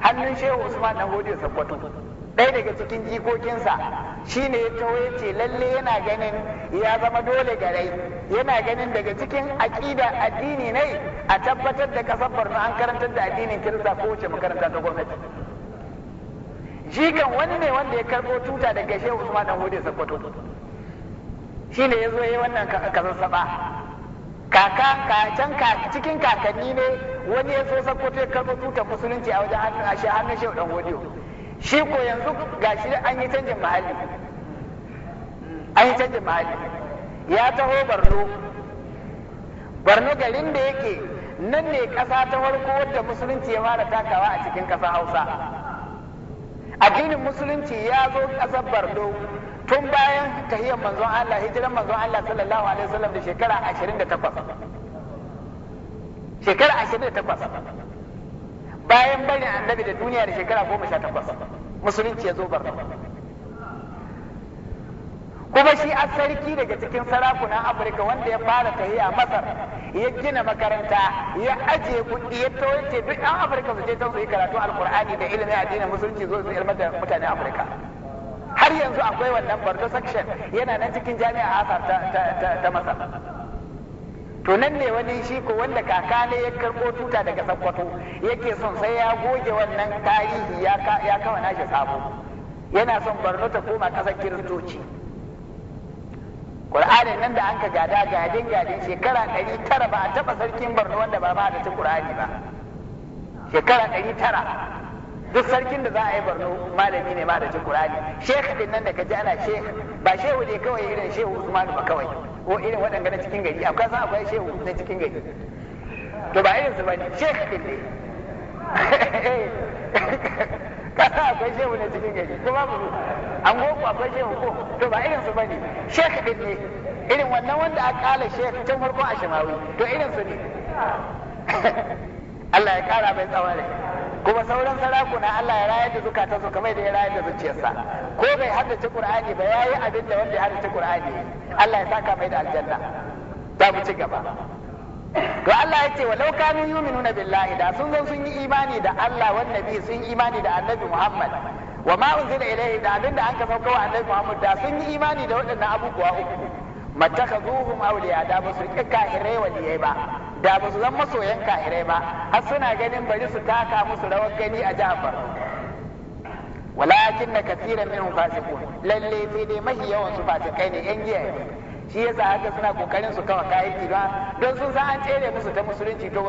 hannun shehu usman dan godiya sakkwato ɗaya daga cikin jikokinsa shi ne ya taho ya ce lalle yana ganin ya zama dole garai yana ganin daga cikin aƙida addini ne a tabbatar da kasar borno an karantar da addinin kirista wace makaranta ta gwamnati jikan wani ne wanda ya karɓo tuta daga shehu usman dan hudu sakkwato shi ne ya zo ya yi wannan kasassaba kaka kacan cikin kakanni ne wani ya so sakkwato ya karɓo tutar musulunci a wajen hannun shehu dan hudu shi ko yanzu ga shi an yi canjin mahalli an yi canjin mahalli ya taho barno barno garin da yake nan ne ƙasa ta farko wadda musulunci ya fara takawa a cikin ƙasa hausa addinin musulunci ya zo ƙasar barno tun bayan tahiyyar manzon Allah hijiran manzon Allah sallallahu alaihi wasallam da shekara 28 shekara 28 bayan barin annabi da duniya da shekara goma sha takwas musulunci ya zo barna kuma shi a sarki daga cikin sarakunan afirka wanda ya fara tahiya masar ya gina makaranta ya ajiye kuɗi ya tawace duk ɗan afirka su je can su yi karatu alkur'ani da ilimin addinin musulunci zo su ilmar da mutanen afirka har yanzu akwai wannan bardo section yana nan cikin jami'a asar ta masar to nan ne wani shi ko wanda kaka ne ya karɓo tuta daga sakkwato yake son sai ya goge wannan tarihi ya kawo nashi sabo yana son barno ta koma kasar kiristoci kur'ani nan da an ka gada gadin gadin shekara ɗari tara ba a taɓa sarkin barno wanda ba ba da Qur'ani ba shekara ɗari tara duk sarkin da za a yi barno malami ne ma da ci Qur'ani nan da ka ji ana shekara. ba shehu ne kawai irin shehu Usmanu ba kawai ko irin waɗanda na cikin gari akwai san akwai shehu na cikin gari to ba irin su ba ne shehu ɗin ne kasa akwai shehu na cikin gari ko ba mu an goku akwai shehu ko to ba irin su ba ne shehu ɗin ne irin wannan wanda a kala shehu tun farko a shimawi to irin su ne Allah ya kara mai tsawarai kuma sauran sarakuna Allah ya raya da zukatan su kamar da ya rayar da zuciyarsa ko bai haddace Qur'ani ba yayi abin da wanda ya haddace Qur'ani Allah ya saka mai da aljanna za mu ci gaba to Allah ya ce walau kanu yu'minuna billahi da sun zo sun yi imani da Allah wan nabi sun yi imani da annabi Muhammad wa ma unzila ilayhi da abin da aka sauka wa annabi Muhammad da sun yi imani da waɗannan abubuwa uku matakazuhum awliya da ba su rike kahirai waliyai ba da ba su zama masoyan kahirai ba har suna ganin bari su taka musu rawar gani a jihar walakin na kafiran min fasiqun lalle sai dai mahi yawan su fasikai ne yan giya ne shi yasa haka suna kokarin su kawa kahirci ba don sun san an tsere musu ta musulunci to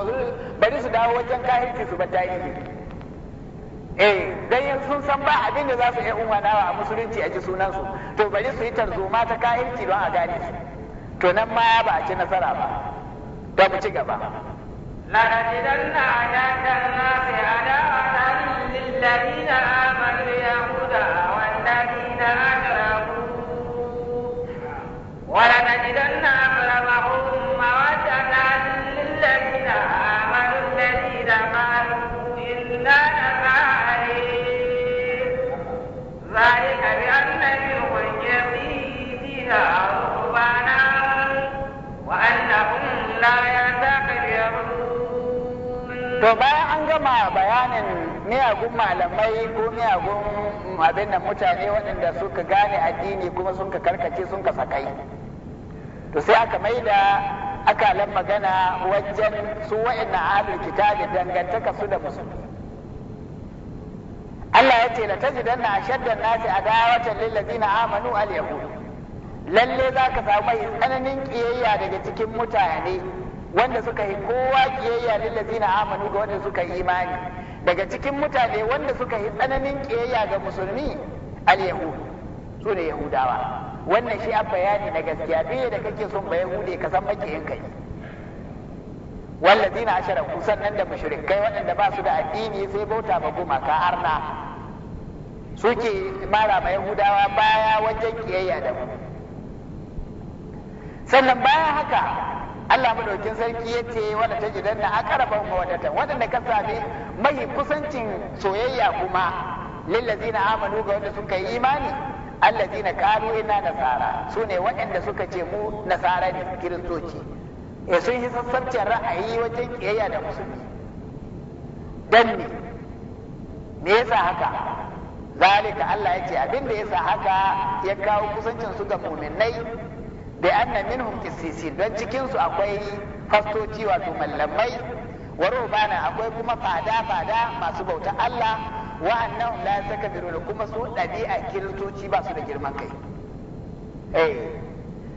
bari su dawo wajen kahirci su ba ta yi eh dan sun san ba abin da za su yi unwanawa a musulunci a ji sunan su to bari su yi tarzoma ta kahirci don a gane su to nan ma ba a ci nasara ba to mu ci gaba laqadidanna a nasi adawatan lilladina amanu yahuda walladina ajramu ولتجدن أقربهم مودة للذين آمنوا الذين قالوا إنا نفعلين ذلك بأن منهم يقين أو ربانا وأنهم To bayan an gama bayanin miyagun malamai ko miyagun abin da mutane waɗanda suka gane addini kuma sun ka karkace sun ka sakai. To sai aka maida akalan magana wajen su wa'annan ahlul kitabi dangantaka su da musulmi. Allah ya ce la tajidanna ashaddan nasi adawatan lil ladina amanu al yahud lalle za ka samu mai tsananin kiyayya daga cikin mutane wanda suka yi kowa ƙiyayya zina amanu ga wanda suka yi imani daga cikin mutane wanda suka yi tsananin kiyayya ga musulmi al-yahud su ne yahudawa wannan shi an bayani na gaskiya duk da kake son ba yahude ka san makiyin kai wallazina asharaku sannan da mushrikai waɗanda ba su da addini sai bauta ba goma ka arna suke mara ma yahudawa baya wajen kiyayya da mu sannan bayan haka Allah madaukin sarki ya ce wala ta gidan na akaraban mawadatan waɗanda ka sami mai kusancin soyayya kuma lillazina amanu ga wanda suka yi imani allazina qalu inna nasara sune waɗanda suka ce mu nasara ne kiristoci eh sun yi sassabcin ra'ayi wajen kiyayya da musulmi dan ne me yasa haka zalika Allah yake abinda yasa haka ya kawo kusancin su ga mu'minai bi anna minhum kisisi don cikin su akwai fastoci wato mallamai wa rubana akwai kuma fada fada masu bauta Allah wa annahu la da kuma su dabi'a kiristoci ba su da girman kai eh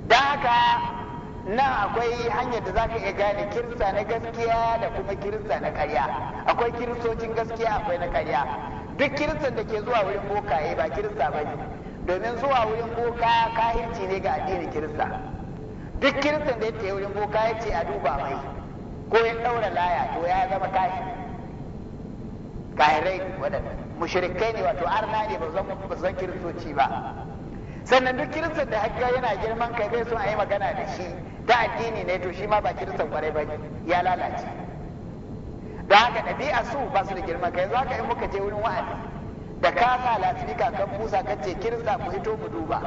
dan haka na akwai hanyar da zaka iya gane kirista na gaskiya da kuma kirista na karya akwai kiristocin gaskiya akwai na karya duk kiristan da ke zuwa wurin bokaye ba kirista bane domin zuwa wurin boka kayanci ne ga addinin kirista duk kiristan da ya ce wurin boka ya ce a duba mai ko ya ɗaura laya to ya zama kahir kahirai waɗanda mushrikai ne wato arna ne ba zan kiristoci ba sannan duk kiristan da hakka yana girman kai bai son a yi magana da shi ta addini ne to shi ma ba kiristan kwarai ba ya lalace da haka ɗabi'a su ba su da girman kai za ka yi muka je wurin wa'azi da ka sa lasifika kan musa ka ce kirista ku hito mu duba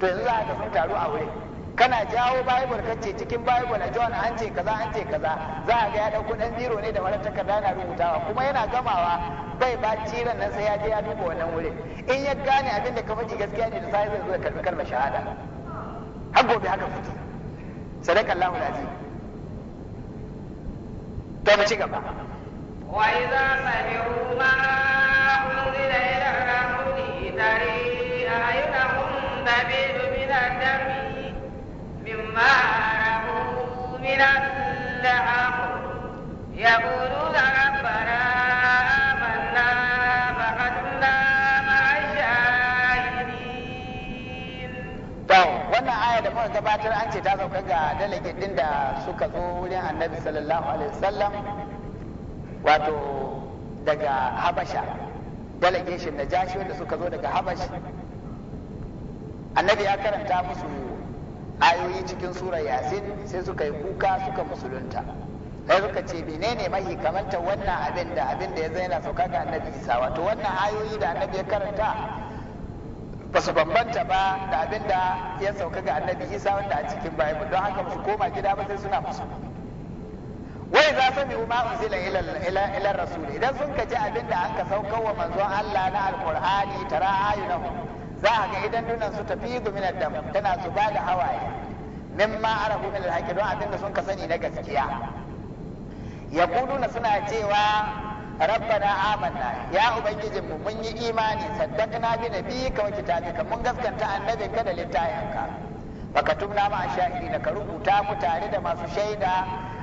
to yanzu za ka sun taro a wuri kana jawo bible ka ce cikin bible a john an ce kaza an ce kaza za a ga ya dauko dan biro ne da wani takarda na rubutawa kuma yana gamawa bai ba ciran nan sai ya je ya duba wannan wuri in ya gane abin da ka faɗi gaskiya ne da sai zai zo ya karbi kalmar shahada har gobe haka fito sadaka Allahu lazim ta ci gaba وإذا سمعوا ما أنزل إلى الرسول تري أعينهم تبيض من الدم مما عرفوا من النعم يقولون ربنا آمنا فقدنا مع الشاهدين. wannan aya da muka gabatar an ce ta sauka ga dalagin da suka zo wurin annabi sallallahu alaihi wasallam wato daga habasha dalagin shi na jashi wanda suka zo daga habash annabi ya karanta musu ayoyi cikin sura yasin sai suka yi kuka suka musulunta sai suka ce menene mahi kamanta wannan abin da abin da ya zaina sauka ga annabi isa wato wannan ayoyi da annabi ya karanta ba su bambanta ba da abin da ya sauka ga annabi isa wanda a cikin bible don haka musu koma gida ba sai suna musulunta wai za su mi ma unzila ila rasul idan sun kaji abin da aka saukar wa manzon Allah na alqur'ani tara ayunahu za a ga idan dunan su tafi min dam tana zuba da hawaye Min ma arahu min alhaqi don abin da sun ka sani na gaskiya yaquluna suna cewa rabbana amanna ya ubangijin mu mun yi imani saddaqna bi nabiyika wa kitabika mun gaskanta annabinka da littayanka baka tumna ma shahidi ka rubuta mu da masu shaida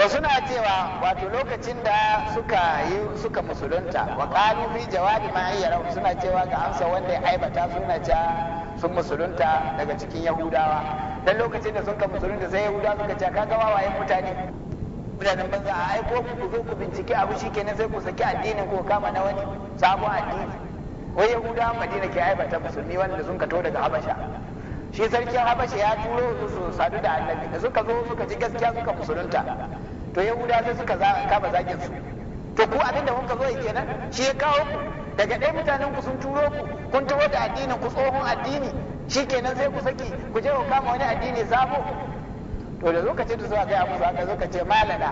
to suna cewa wato lokacin da suka yi suka musulunta wa qalu fi jawabi ma ayyara suna cewa ga amsa wanda ya aibata suna cewa sun musulunta daga cikin yahudawa dan lokacin da suka musulunta sai yahudawa suka ce kaga wawayen mutane mutanen banza a aiko ku ku zo ku bincike abu shikenan sai ku saki addinin ko kama na wani sabon addini wai yahudawa madina ke aibata musulmi wanda sun kato daga habasha shi sarkin habasha ya turo su sadu da annabi da suka zo suka ji gaskiya suka musulunta to yahuda sai suka kama zagin su to ku abin da kuka zo kenan shi ya kawo ku daga ɗaya mutanen ku sun turo ku kun taho da addinin ku tsohon addini shi kenan sai ku saki ku je ku kama wani addini sabo to da lokacin da zuwa gaya musu haka zuka ce malala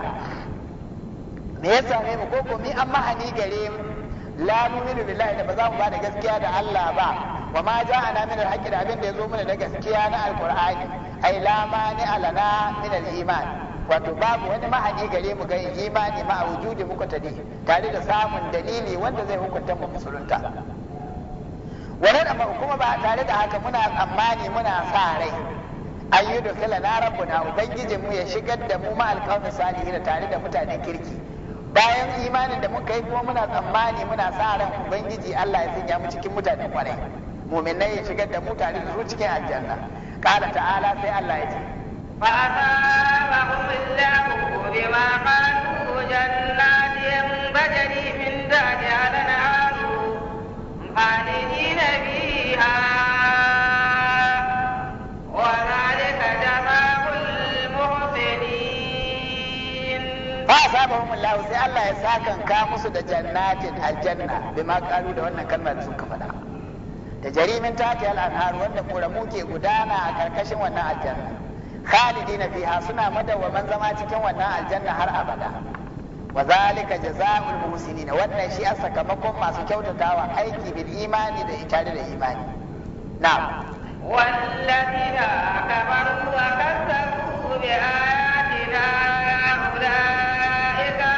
me ya same mu Ko mi an mahani gare mu la nu'minu billahi da ba za mu ba da gaskiya da Allah ba wa ma ja'ana min al-haqqi da abin da zo mana da gaskiya na al-qur'ani ai la mani alana min al-iman wato babu wani ma'ani gare mu ganin imani ma a wujudi muka tare tare da samun dalili wanda zai hukunta mu musulunta wannan amma kuma ba tare da haka muna tsammani muna sa rai an yi dukkan na rabbuna ubangijin mu ya shigar da mu ma alƙawarin salihin tare da mutanen kirki bayan imanin da muka yi kuma muna tsammani muna sa ran ubangiji Allah ya sanya mu cikin mutanen kwarai mu'minai ya shigar da mu tare da su cikin aljanna qala ta'ala sai Allah ya ce فأثابهم الله بما قالوا جنات تجري من تحتها الأنهار خالدين فيها وذلك جزاء المحسنين فأثابهم الله سي الله يساكن كاموس جنات الجنة بما قالوا ده wannan kalmar da suka faɗa da jarimin ta ta al'anhar wanda koramu ke gudana a karkashin wannan aljanna khalidina fiha suna madawwaman zama cikin wannan aljanna har abada wa zalika jazaa'ul muhsinin wannan shi a sakamakon masu kyautatawa aiki bil imani da tare da imani na'am والذين كفروا وكذبوا sun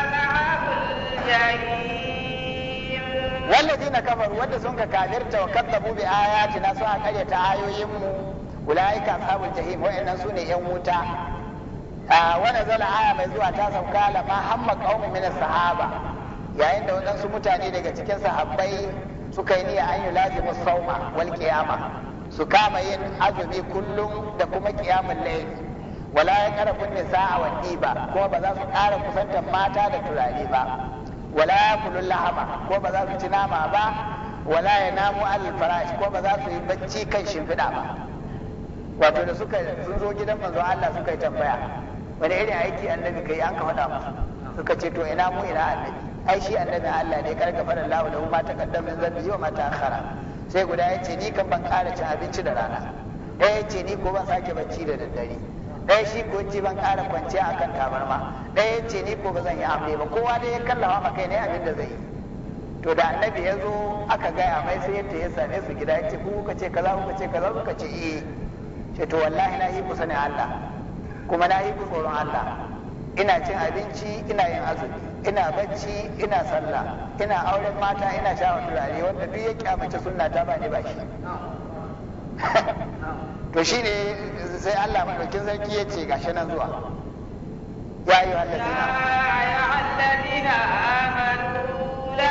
أولئك أصحاب الجحيم والذين كفروا ودسونك كافرت وكذبوا بآياتنا سواء قرية آيوهم ulaika ashabul jahim wa'annan sune yan wuta wannan zala aya mai zuwa ta sauka lama hamma qaumi min sahaba yayin da waɗansu mutane daga cikin sahabbai suka yi niyya an yulazimu sauma wal qiyama su kama yin azumi kullum da kuma qiyamul layl wala ya kara kunne sa'a wa ba kuma ba za su ƙara kusantar mata da turare ba wala ya kulul lahama ko ba za su ci nama ba wala ya namu al farash ko ba za su yi bacci kan shimfiɗa ba wato da suka sun zo gidan manzo Allah suka yi tambaya wani irin aiki annabi kai an ka faɗa musu suka ce to ina mu ina annabi ai shi annabi Allah ne kar ka fara lahu lahu ma kaddam min zambi wa ma akhara sai guda ya ce ni kan ban ƙara cin abinci da rana ɗaya ya ce ni ko ban sake bacci da daddare ɗaya shi ko ce ban ƙara a akan tabarma ɗaya ya ce ni ko ba zan yi amre ba kowa dai ya kallawa ma kai ne abin da zai yi to da annabi ya zo aka gaya mai sai yadda ya same su gida ya ce ku kuka ce kaza kuka ce kaza kuka ce eh to wallahi na yi ku Allah kuma na yi tsoron Allah ina cin abinci ina yin azumi ina bacci ina sallah ina auren mata ina sha turare wanda duk ya kyamace sunna ta ba ni ba shi to shine sai Allah madaukin sarki ya ce gashi nan zuwa ya yi alladina ya alladina amanu la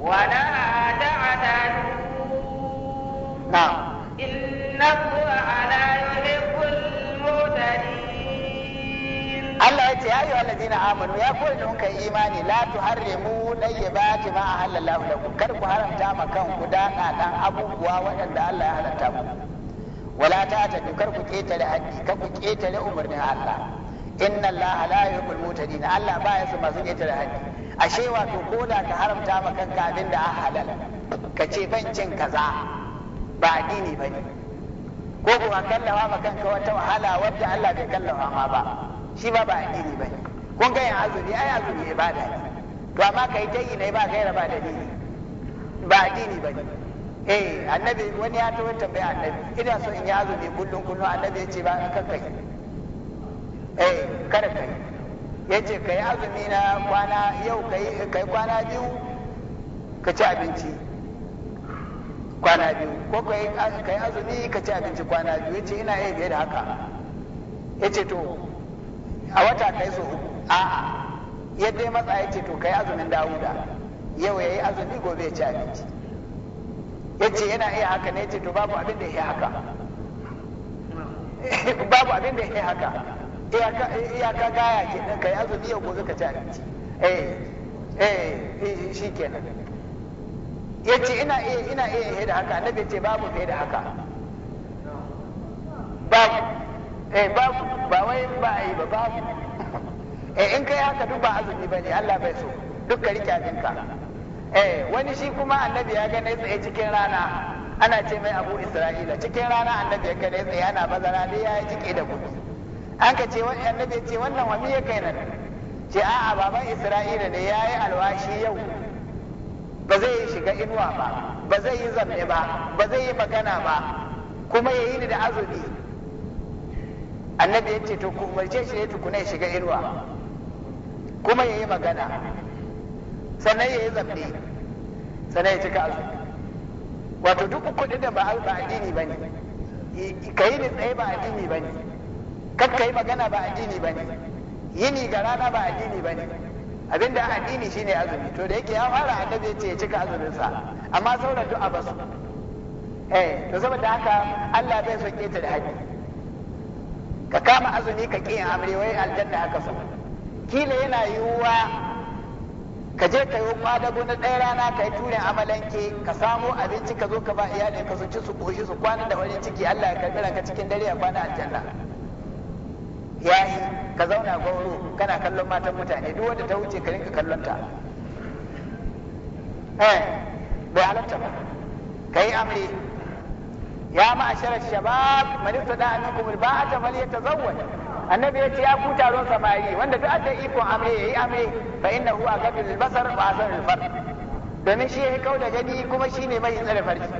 ولا تعتدوا نعم إن الله لا يحب المعتدين الله يتي يا أيها الذين آمنوا يا كل جنك إيماني لا تحرموا طيبات ما أحل الله لكم كركم حرم تاما كان كدانا دان أبوبوا وأن الله أهل تامو ولا تعتدوا كركم كيتل حجي كركم كيتل أمرنا الله إن الله لا يحب المعتدين الله بايس ما سكيتل حجي ashe wato ko da ka haramta ma kanka abin da a halal ka ce ban cin kaza ba addini ba ne ko kuma kallawa ma kanka wata wahala wadda Allah bai kallawa ma ba shi ma ba addini ba ne kun ga yin azumi ai azumi ibada ne to amma kai ta yi ne ba gaira ba dini, ba addini ba ne eh annabi wani ya tawo tambaya annabi ina so in yi azumi kullun kullun annabi ya ce ba kanka eh kada kai ya ce ka yi azumi na kwana yau ka yi kwana biyu ka ci abinci kwana biyu ko ka yi azumi ka ci abinci kwana biyu ya ce ina iya biye da haka ya ce to a wata ka yi so uku a'a yadda ya matsa ya ce to ka yi azumin dawuda yau ya yi azumi gobe ya ci abinci ya ce yana iya haka ne ya ce to babu abin da ya haka babu abin da ya haka iyaka gaya ke nan ka yi azumi yau gobe ka ci abinci eh eh, eh shi kenan ya ce ina iya ina iya ihe da haka annabi ce babu fiye da haka babu eh babu ba wai ba a yi ba babu eh in kai haka duk ba azumi ba ne Allah bai so duk ka rike abinka eh wani shi kuma annabi ya ga na tsaye cikin rana ana ce mai abu isra'ila cikin rana annabi ya ga na tsaye ana bazara dai ya yi jike da gudu an ka ce annabi ce wannan wani ya kai nan ce a'a baban isra'ila ne ya yi alwashi yau ba zai shiga inuwa ba ba zai yi zanne ba ba zai yi magana ba kuma ya yi ni da azumi annabi ya ce to ku umarce shi ne tukuna ya shiga inuwa kuma ya yi magana sannan ya yi zanne sannan ya cika azumi wato duk kuɗin da ba addini ba ne ka yi ni tsaye ba addini ba ne kakkai magana ba addini ba ne yini ga rana ba addini ba ne abinda addini shine azumi to da yake ya fara annabi ya ce ya cika azuminsa amma sauran du'a ba su eh to saboda haka Allah bai soke ta da haƙi ka kama azumi ka kiyan amri wai aljanna haka so kila yana yiwuwa ka je ka yi kwadago na ɗaya rana ka yi turin amalanke ka samo abinci ka zo ka ba iyalin ka su ci su koshi su kwana da wani ciki Allah ya karɓi ka cikin dare ya kwana aljanna yayi ka zauna gauro kana kallon matan mutane duk wanda ta wuce ka rinka kallon ta eh bai halatta ba kai amri ya ma'ashara shabab man ibtada minkum alba'ata falyatazawwaj annabi yace ya ku taron samari wanda duk aka ikon amre yayi amre fa innahu aqadu albasar wa asar alfarq domin shi ya kau da gani kuma shine mai tsare farci.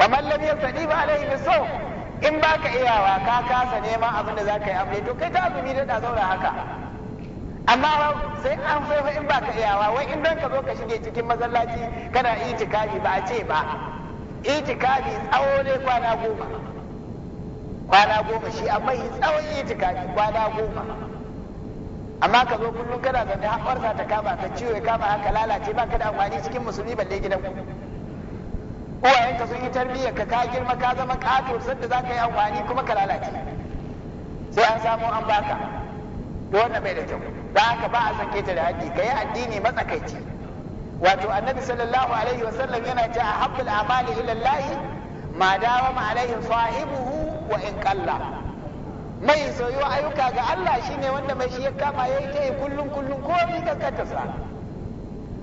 wa man lam yastadi ba alaihi bisawm in ba ka iyawa ka kasa neman abin da za ka yi amfani to kai ta azumi da da haka amma sai an faifa in ba ka iyawa wai in don ka zo ka shige cikin masallaci kana itikafi ba a ce ba itikafi tsawo ne kwana goma kwana goma shi amma yi tsawon itikafi kwana goma amma ka zo kullum kana zaune haɓar ta kama ka ciwo ya kama haka lalace ba ka da amfani cikin musulmi balle gidan ku uwayenka sun yi tarbiyya ka ka girma ka zama kato sadda za ka yi amfani kuma ka lalace sai an samu an baka to wannan bai da kyau da haka ba a san ta da haddi, ka yi addini matsakaici wato annabi sallallahu alaihi wasallam yana ce a habbul amali ila Allah ma alaihi sahibuhu wa in qalla mai soyo ayyuka ga Allah shine wanda mai shi ya kama yayi ta kullun kullun komai ka kanta sa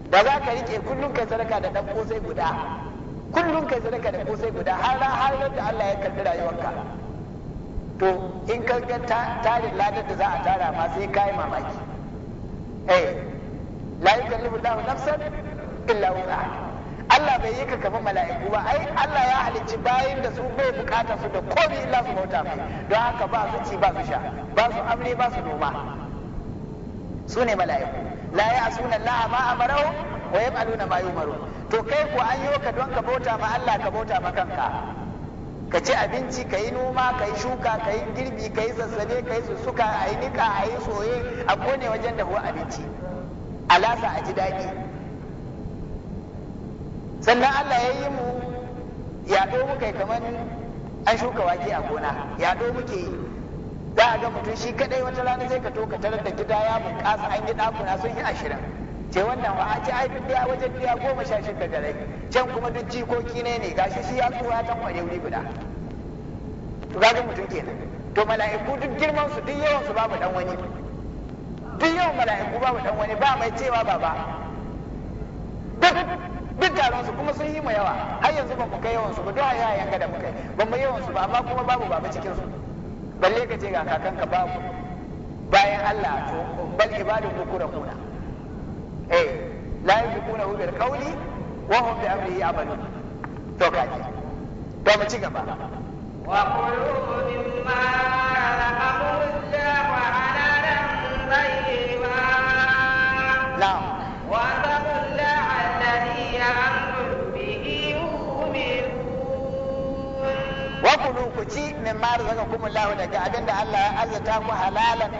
Ba za ka rike kullun kai sadaka da dan kosai guda kullum kai sadaka da kosai guda har har yadda Allah ya kalli rayuwarka to in ka ga tarin ladar da za a tara ma sai kai mamaki eh la yukallifu Allahu nafsan illa wus'aha Allah bai yi ka kafa mala'iku ba ai Allah ya halicci bayin da su bai bukata su da komai illa su bauta mai don haka ba su ci ba su sha ba su amre ba su noma su ne mala'iku la ya asuna Allah ma amarahu wa yaf'aluna ma yumaru to kai ku an yi ka don ka bauta ma Allah ka bauta ma kanka ka ci abinci ka yi noma ka yi shuka ka yi girbi ka yi zazzabe ka yi susuka, a yi nika, a yi soye a kone wajen huwa abinci alasa a ji daɗi sannan Allah ya yi mu yaɗo muka yi kamar an shuka wake a gona yaɗo muke yi za a ga mutum shi kaɗai wata rana zai ka to ka tarar da gida ya bunƙasa an yi ɗakuna sun yi ashirin ce wannan ba a ce ai duk biya wajen biya goma sha shi da rai can kuma duk jikoki ne ne gashi shi ya tsuwa ta kware wuri guda to ga mutum kenan to mala'iku duk girman su duk yawan su babu dan wani duk yawan mala'iku babu dan wani ba mai cewa baba duk duk taron su kuma sun yi mu yawa har yanzu ba mu kai yawan su ba duk haya yanga da muka ba mu yawan su ba amma kuma babu baba cikin su balle ka ce ga kakanka babu bayan Allah to bal ibadun kuna eh la yuqulu bil qawli wa hum bi amrihi amalun to kaji to mu ci gaba wa qulu mimma razaqakumullahu halalan tayyiba la wa taqullaha alladhi amru bihi mu'minun wa qulu ku ci mimma razaqakumullahu daga abinda Allah ya azata halalan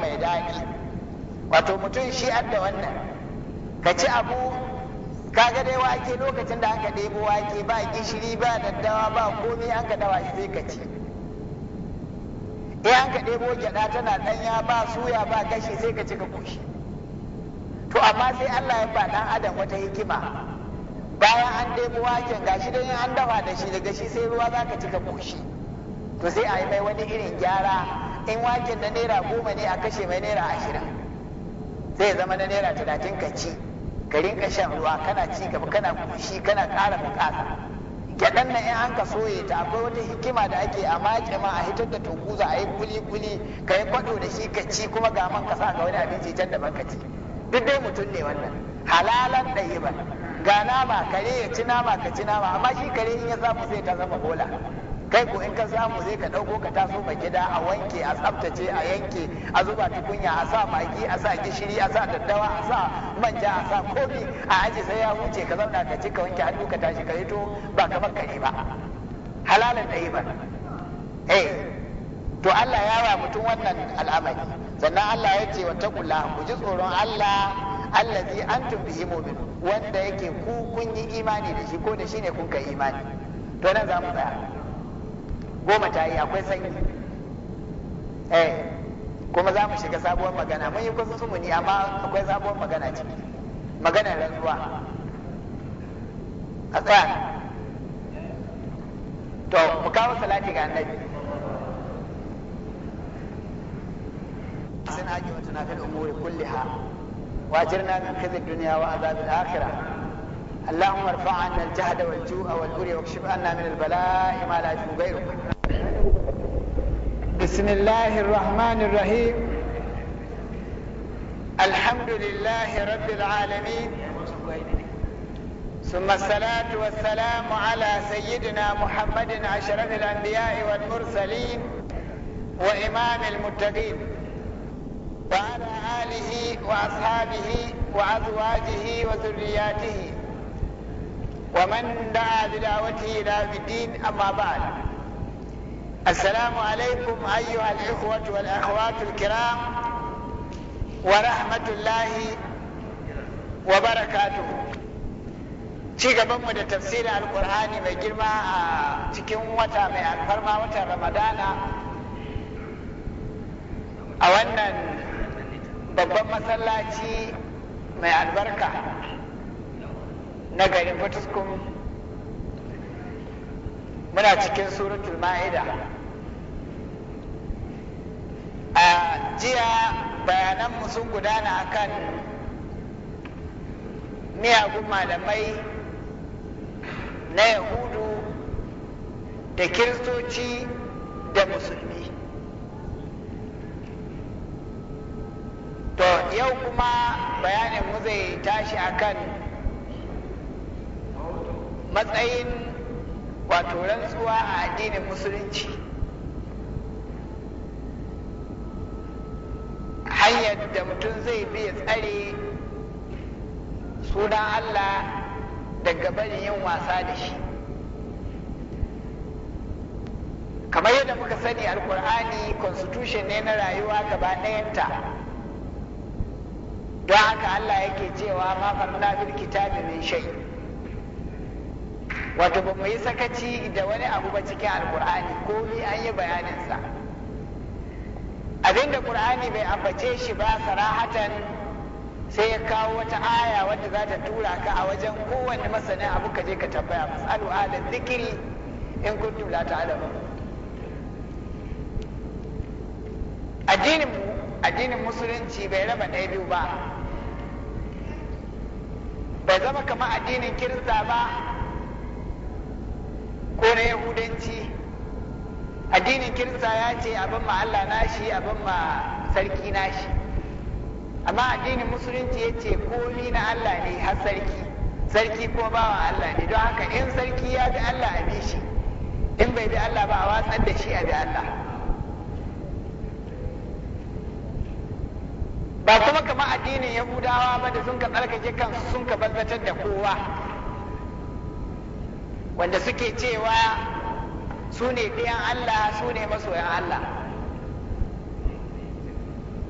mai daɗi wato mutum shi ka ci abu kaga dai wake lokacin da aka ɗebo wake ba gishiri ba daddawa ba komai an ka dawa sai ka ci in an ka ɗebo gyaɗa tana ɗanya ba suya ba gashi sai ka ci ka koshi to amma sai Allah ya ba ɗan adam wata hikima bayan an ɗebo waken gashi dai an dafa da shi daga shi sai ruwa za ka ci ka koshi to sai a yi mai wani irin gyara in waken na naira goma ne a kashe mai naira ashirin zai zama na naira talatin ka ci ka rinka shan ruwa kana ci gaba kana kushi kana ƙara bukata gyaɗan nan in an ka soye ta akwai wata hikima da ake a maƙe ma a hitar da tunguza a yi kuli kuli ka yi kwaɗo da shi ka ci kuma ga man ka sa ga wani abinci can da ka ci duk dai mutum ne wannan halalan ɗaya ba ga nama kare ya ci nama ka ci nama amma shi kare in ya samu sai ta zama bola kai ko in ka samu sai ka ɗauko ka taso mai gida a wanke a tsaftace a yanke a zuba tukunya a sa magi a sa gishiri a sa daddawa a sa manja a sa komi a aji sai ya huce ka zauna ka ci ka wanke hannu ka tashi ka to ba kamar kare ba halalan ɗaya ba eh to Allah ya wa mutum wannan al'amari sannan Allah ya ce wa kula ku ji tsoron Allah allazi antum bihi mu'min wanda yake ku kun yi imani da shi ko da shi ne kun kai imani to nan za mu tsaya goma ta yi akwai sanyi eh kuma za mu shiga sabuwar magana mun yi kusa sumuni amma akwai sabuwar magana ce magana rantsuwa a tsaya to mu kawo salati ga annabi sun ake wata na fil umuri kulliha wajirna min khizyi dunya wa azabil akhirah اللهم ارفع عنا الجهد والجوع والبري واكشف عنا من البلاء ما لا يشفو غيرك بسم الله الرحمن الرحيم الحمد لله رب العالمين ثم الصلاة والسلام على سيدنا محمد أشرف الأنبياء والمرسلين وإمام المتقين وعلى آله وأصحابه وأزواجه وذرياته ومن دعا بدعوته إلى الدين أما بعد السلام عليكم أيها الإخوة والأخوات الكرام ورحمة الله وبركاته ci gabanmu da tafsirin alkur'ani mai girma a cikin wata mai alfarma watan ramadana a wannan babban masallaci mai albarka na garin fataskun muna cikin suratul ma'ida a jiya bayananmu sun gudana akan miyagun malamai na yahudu da kiristoci da musulmi to yau kuma bayanin mu zai tashi akan matsayin wato rantsuwa a addinin musulunci hanyar da mutum zai bi ya tsare sunan Allah daga bari yin wasa da shi kamar yadda muka sani alkur'ani constitution ne na rayuwa gaba ɗayanta don haka Allah yake cewa ma farna bil kitabi min shay' wato ba mu yi sakaci da wani abu ba cikin alkur'ani ko ni an yi bayaninsa abinda qur'ani bai ambace shi ba sarahatan sai ya kawo wata aya wadda za ta tura ka a wajen kowane masanin abu ka je ka tambaya masalu ala zikiri in kuntum la ta'lamun addinin addinin musulunci bai raba ɗaya biyu ba bai zama kamar addinin kirista ba ko na yahudanci addinin kirista ya ce abin ma Allah nashi abin ma sarki nashi amma addinin musulunci ya ce komi na Allah ne har sarki sarki ko bawa Allah ne don haka in sarki ya bi Allah a bi shi in bai bi Allah ba a watsar da shi a bi Allah ba kuma kamar addinin yahudawa ba da sun ka tsarkake kansu sun ka balbatar da kowa wanda suke cewa su ne ɗiyan Allah su ne masoyan Allah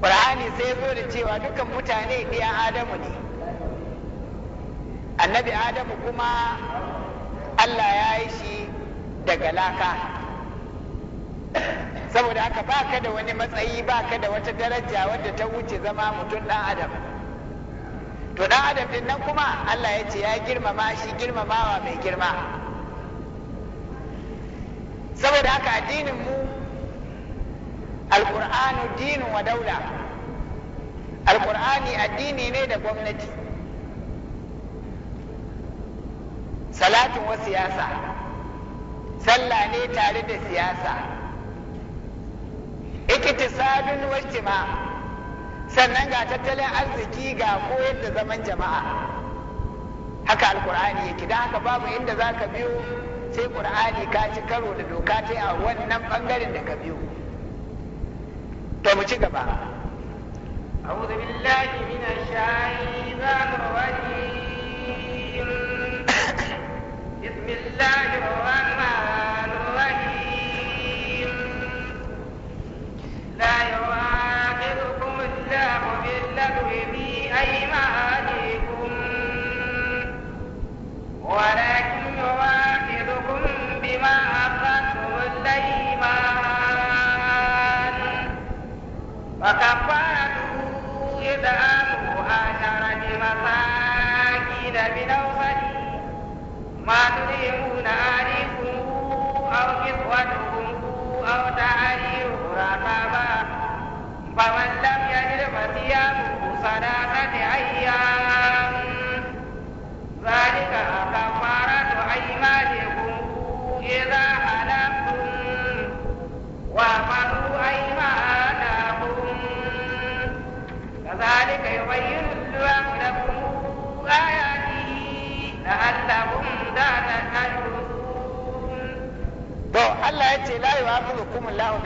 ƙur'ani sai zo da cewa dukkan mutane ɗiyan Adamu ne annabi Adamu kuma Allah ya yi shi daga laka saboda haka ka da wani matsayi ba ka da wata daraja wadda ta wuce zama mutum ɗan adam to ɗan adam din nan kuma Allah ya ce ya girmama shi girmamawa mai girma saboda haka addinin mu alqur'anu dinu wa daula alqur'ani addini ne da gwamnati salatin wa siyasa sallah ne tare da siyasa iktisadun wa ijtima' sannan ga tattalin arziki ga koyar da zaman jama'a haka alkur'ani yake don haka babu inda za ka biyo sai ƙur'ani ka ci karo da doka ta a wannan ɓangaren da ka biyo to mu ci gaba أعوذ بالله من الشيطان الرجيم بسم الله الرحمن الرحيم لا يؤاخذكم الله باللغو في أيمانكم ولكن يواخذكم بما عقدتم الايمان فكفارته يدعم عشر بمساكين من اوله ما تريدون عليكم او كسوتكم او تعريف رقبه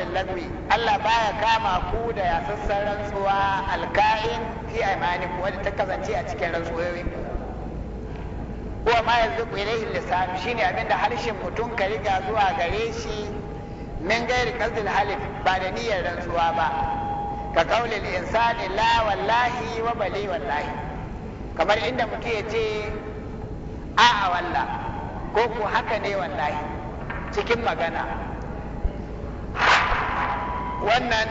min lagwi Allah baya kama ku da yasassan rantsuwa alka'in fi aimanikum wadda ta kasance a cikin rantsuwoyin ku wa ma yazqu ilayhi lisan shine abinda harshen mutum ka riga zuwa gare shi min gairi qasdil halif ba da niyyar rantsuwa ba ka qaulil insani la wallahi wa bali wallahi kamar inda mutum ya ce a'a walla ko ku haka ne wallahi cikin magana wannan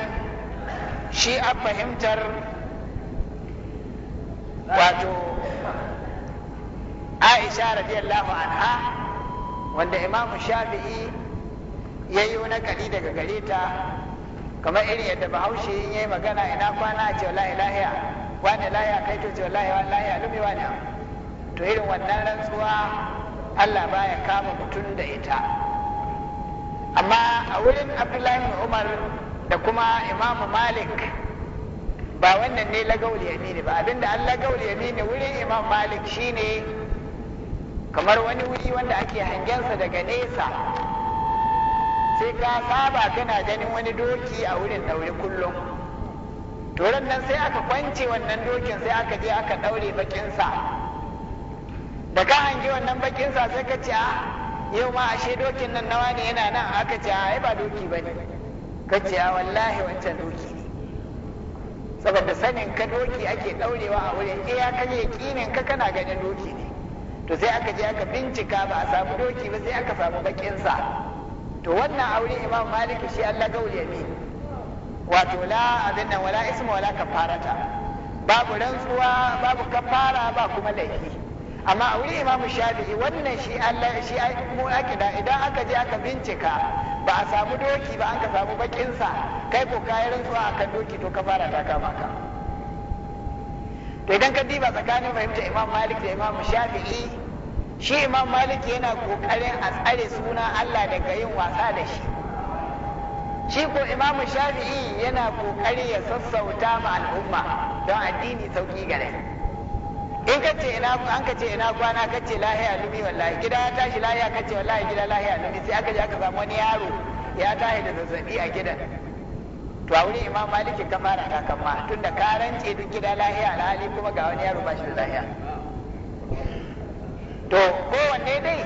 shi a fahimtar wato aisha radiyallahu anha wanda Imam shafi'i ya yi wani kari daga gare ta kamar irin yadda bahaushe in yi magana ina kwana ce wala ilahiya wani lahiya kai to ce wallahi wani lumi wani to irin wannan rantsuwa allah baya kama mutum da ita amma a wurin abdullahi umar da kuma imamu malik ba wannan ne lagawul yamini ba abinda an lagawul yamini wurin imam malik shine kamar wani wuri wanda ake hangensa daga nesa sai ka saba kana ganin wani doki a wurin daure kullum turan nan sai aka kwance wannan dokin sai aka je aka daure bakinsa da ka hangi wannan bakinsa sai ka ce a ah, yau ma ashe dokin nan nawa ne yana nan aka ce a ah, ba doki ba ne kace wallahi wancan doki ne saboda sanin ka doki ake daurewa a wurin iya kaje yakinin ka kana ganin doki ne to sai aka je aka bincika ba a samu doki ba sai aka samu bakin sa to wannan aure imam malik shi Allah gauri ne wato la abin nan wala ismu wala kafarata babu rantsuwa babu kafara ba kuma laifi amma a wuri imamu shafi'i wannan shi Allah shi mu akida idan aka je aka bincika ba a samu doki ba aka ka bakin sa kai ko kayi rantsuwa akan doki to ka fara ta kama ka to idan ka diba tsakanin fahimtar imam malik da imam shafi'i shi imam malik yana kokarin a tsare suna Allah daga yin wasa da shi shi ko imam shafi'i yana kokari ya sassauta ma al'umma don addini sauki gare in ka ce ina an ka ce ina kwana ka ce lahiya lumi wallahi gida ya tashi lahiya ka ce wallahi gida lahiya lumi sai aka je aka samu wani yaro ya tashi da zazzabi a gidan to a wurin imam malik ka fara kakamma tunda ka rance duk gida lahiya alhali kuma ga wani yaro ba shi da lahiya to ko wanne dai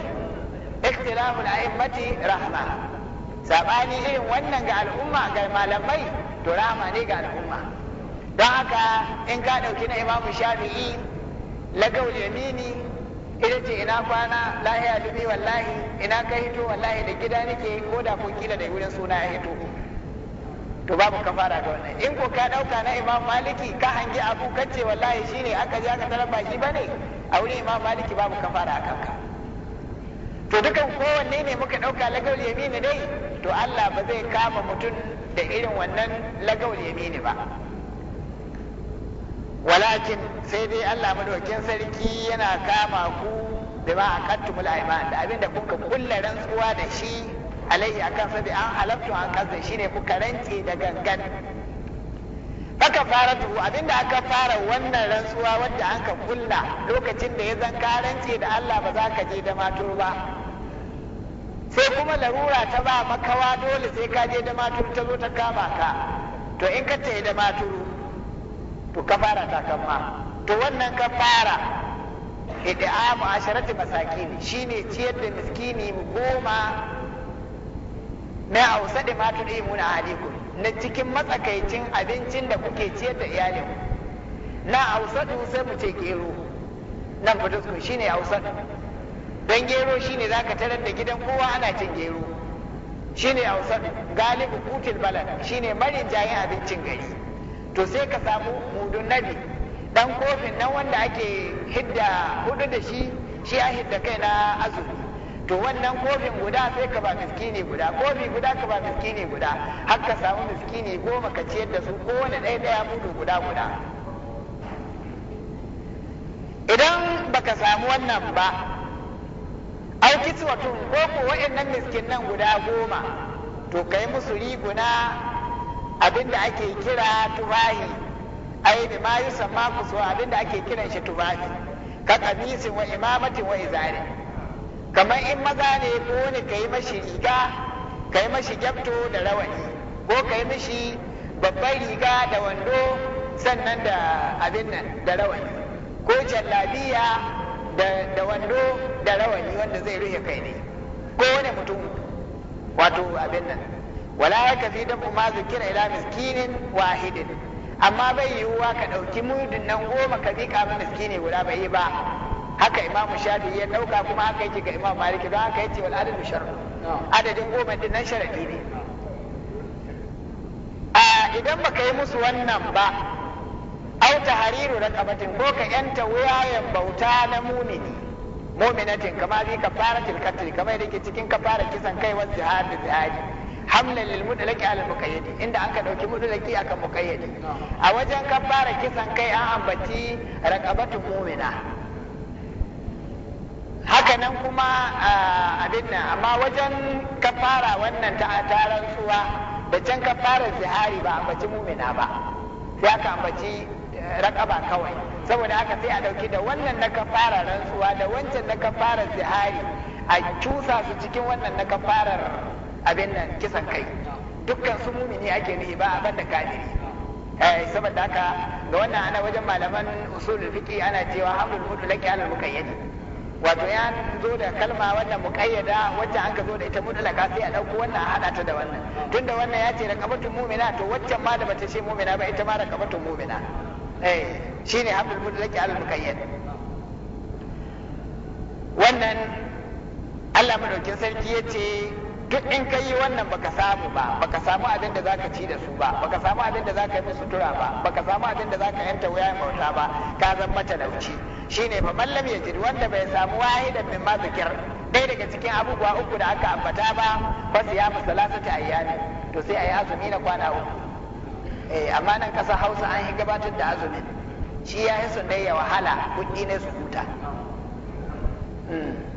ikhtilafu al-a'immati rahma sabani irin wannan ga al'umma ga malamai to rahma ne ga al'umma don haka in ka dauki na imamu shafi'i lagawul yamini ita ce ina kwana lahiya dubi wallahi ina ka hito wallahi da gida nake ko da kun kila da wurin suna ya hito to babu kafara ga wannan in ko ka dauka na imam maliki ka hangi abu kace wallahi shine aka ji aka taraba shi bane a wurin imam maliki babu kafara a kanka to dukan kowanne ne muka dauka lagawul yamini dai to Allah ba zai kama mutum da irin wannan lagawul yamini ba walakin sai dai Allah madaukin sarki yana kama ku da ba a kattu da abinda kuka kulla rantsuwa da shi alaihi akan sabi an halabtu an shi ne kuka rantse da gangan baka fara tuhu abinda aka fara wannan rantsuwa wadda an ka kulla lokacin da ya zan ka rantse da Allah ba za ka je da matur ba sai kuma larura ta ba makawa dole sai ka je da matur ta zo ta kama ka to in ka tafi da maturu to fara ta kama to wannan fara idamu asharati masakin shine ciyar da miskini goma na ausa da matu da imuna alikum na cikin matsakaicin abincin da kuke ciyar da iyalinku. na ausa sai mu ce gero nan buduskun shine ausa dan gero shine zaka tarar da gidan kowa ana cin gero shine ausa galibu kutil balad shine marin jayin abincin gari to sai ka samu hudun nabi dan kofin nan wanda ake hidda hudu da shi shi ya hidda kai na azumi to wannan kofin guda sai ka ba miskini guda kofi guda ka ba miskini guda har ka samu miskini goma ka ciyar da su kowane ɗaya ɗaya mudu guda guda idan baka samu wannan ba auki wato ko ko nan miskin nan guda goma to kai musu riguna abinda ake kira tufahi ai da ma yusamma abin abinda ake kiran shi tufahi ka kamisin wa imamati wa izari kamar in maza ne ko wani ka yi mashi riga ka yi mashi gyabto da rawani ko ka yi mashi babban riga da wando sannan da abin nan da rawani ko jallabiya da wando da rawani wanda zai rufe kai ne ko wani mutum wato abin nan wala ya kafi dan ma zikira ila miskinin wahidin amma bai yiwuwa ka ɗauki mudun nan goma ka miƙa ma miskini guda bai yi ba haka imamu shafi ya ɗauka kuma haka yake ga imam maliki don haka yace wal adadu sharru adadin goma din nan sharadi ne a idan baka yi musu wannan ba au tahriru raqabatin ko ka yanta wayayen bauta na mumini muminatin kama bi kafaratil qatl kamar yake cikin fara kisan kai wasu jihad da jihadi hamlan lil mudlaki ala muqayyadi inda an ka dauki mudlaki aka muqayyadi a wajen kabbara kisan kai an ambaci raqabatu mu'mina haka nan kuma abin nan amma wajen kafara wannan ta taran suwa da can kafara zihari ba ambaci mu'mina ba sai aka ambaci eh, raqaba kawai saboda haka sai a dauki da wannan na kafara rantsuwa da wancan na kafara zihari a cusa su cikin wannan na kafarar abin nan kisan kai dukkan su mumini ake nufi ba a banda kafiri eh saboda haka ga wannan ana wajen malaman usulul fiqi ana cewa mudu laki alal muqayyad wato ya zo da kalma wannan muqayyada wacce an ka zo da ita mutlaqa sai a dauko wannan a hada ta da wannan tunda wannan ya ce raqabatul mu'mina to waccan ma da bata ce mu'mina ba ita ma raqabatul mu'mina eh shine mudu laki alal muqayyad wannan Allah madaukin sarki ya ce duk in ka yi wannan baka samu ba baka samu abin da zaka ci da su ba baka samu abin da zaka yi musu sutura ba baka samu abin da zaka yanta wuya bauta ba ka zan matalauci shine fa mallam ya jiri wanda bai samu wahidan min ma zikir daga cikin abubuwa uku da aka ambata ba fa siyamu salasati ayyami to sai ayi azumi na kwana uku eh amma nan kasa Hausa an yi gabatar da azumin shi ya yi sun ya wahala kuɗi ne su huta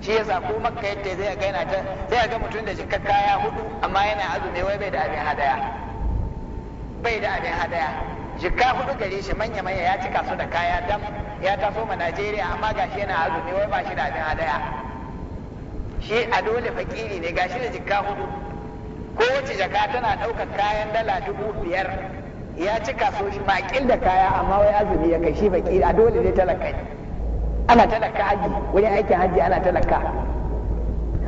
shi yasa ko makka yadda zai ga yana ta zai ga mutum da jikka kaya hudu amma yana azumi wai bai da abin hadaya bai da abin hadaya jikka hudu gare shi manya manya ya cika su da kaya dam ya taso ma Najeriya amma gashi yana azumi wai ba shi da abin hadaya shi a dole fakiri ne gashi da jikka hudu wace jaka tana daukar kayan dala dubu biyar ya cika so shi makil da kaya amma wai azumi ya kai shi fakiri a dole ne talaka ne ana talaka haji wajen aikin haji ana talaka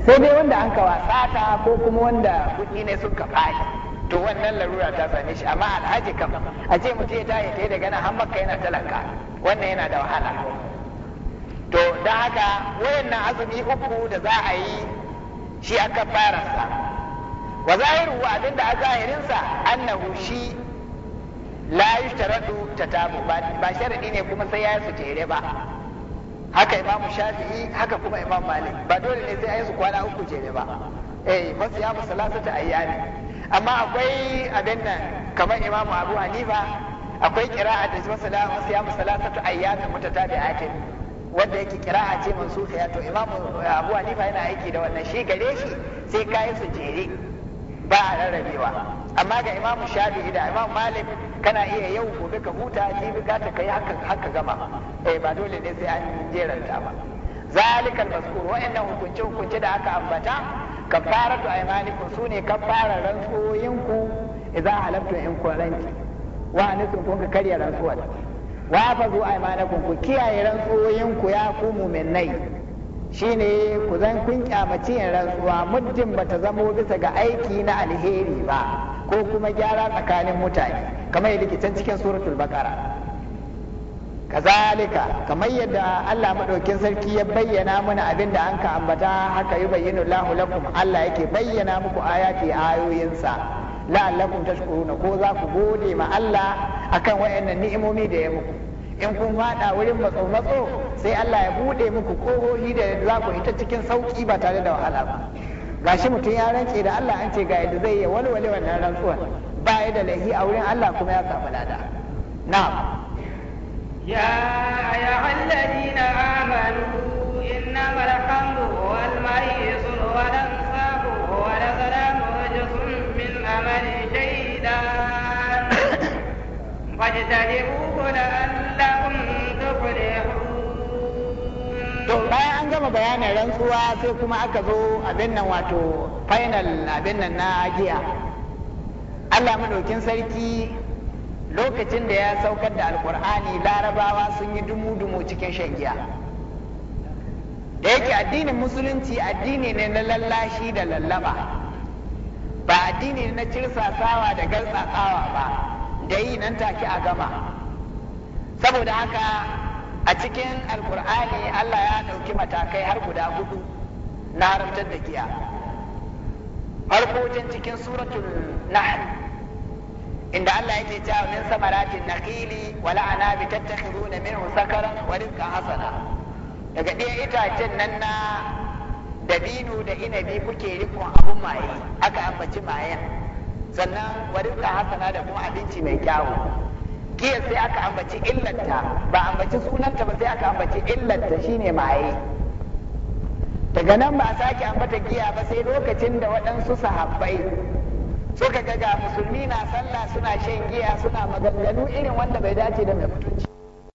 sai dai wanda an kawa sata ko kuma wanda kuɗi ne suka faɗi to wannan larura ta same shi amma alhaji kam a ce mutum ya tayi yi daga nan makka yana talaka wannan yana da wahala to don haka wayannan azumi uku da za a yi shi aka fara sa wa zahiru abinda a sa annahu shi la yushtaradu tatabu ba sharadi ne kuma sai ya su tere ba haka imamu shafi'i haka kuma imam malik ba dole ne sai a su kwana uku jere ba eh masu ya musu lasata ayyami amma akwai abin nan kamar imamu abu hanifa akwai kira'a da masu masu ya musu lasata ayyami mutatabi'atin wanda yake kira'a ce mansufiya to imam abu hanifa yana aiki da wannan shi gare shi sai kayan su jere ba a rarrabewa amma ga imam shafi'i da imam malik kana iya yau gobe ka huta jibi ka ta kai haka haka gama eh ba dole ne sai an ta ba zalikal mazkur inna hukunce hukunce da aka ambata kafaratu aymanikum sune kafara rantsoyin ku idan halaftu in ku wa anisun kun ka karya rantsuwa wa fazu aymanakum ku kiyaye rantsoyin ya ku mu'minai shine ku zan kun kyamaci yin rantsuwa muddin bata zamo bisa ga aiki na alheri ba ko kuma gyara tsakanin mutane kamar yadda ke can cikin suratul bakara kazalika kamar yadda Allah madaukin sarki ya bayyana mana abin da an ka ambata haka yi bayyana lahu lakum Allah yake bayyana muku ayati ayoyinsa la'allakum tashkuruna ko za ku gode ma Allah akan wayannan ni'imomi da ya muku in kun fada wurin matso matso sai Allah ya bude muku kohohi da za ku ita cikin sauki ba tare da wahala ba ga shi mutum ya rantse da Allah an ce ga yadda zai yi walwale wannan rantsuwar ba ya da laifi a wurin Allah kuma ya kafa lada na ya ya halladi na amanu inna marhamu wal mayyisu wa dan sabu wa la zalamu rajulun min amali shaydan da allah kuma. to bayan an gama bayanin rantsuwa sai kuma aka zo abin nan wato final abin nan na giya Allah madaukin sarki lokacin da ya saukar da alkur'ani larabawa sun yi dumu-dumu cikin shan giya da yake addinin musulunci addini ne na lallashi da lallaba ba addini ne na cirsasawa da gartsatsawa ba da yi nan take a gama saboda haka a cikin alkur'ani Allah ya ɗauki matakai har guda hudu na haramtar da giya farko cikin suratul nahl inda Allah yake cewa min samaratin naqili wala anabi tattakhizuna minhu sakaran wa rizqan hasana daga ɗaya itacen nan na dabino da inabi kuke rikon abun maye aka ambaci mayen sannan wa rizqan hasana da kuma abinci mai kyau giyar sai aka ambaci illarta ba ambaci sunanta ba sai aka ambaci illarta shine maye daga nan ba a sake ambata giya ba sai lokacin da waɗansu sahabbai suka ga ga musulmi na sallah suna shan giya suna maganganu irin wanda bai dace da mai mutunci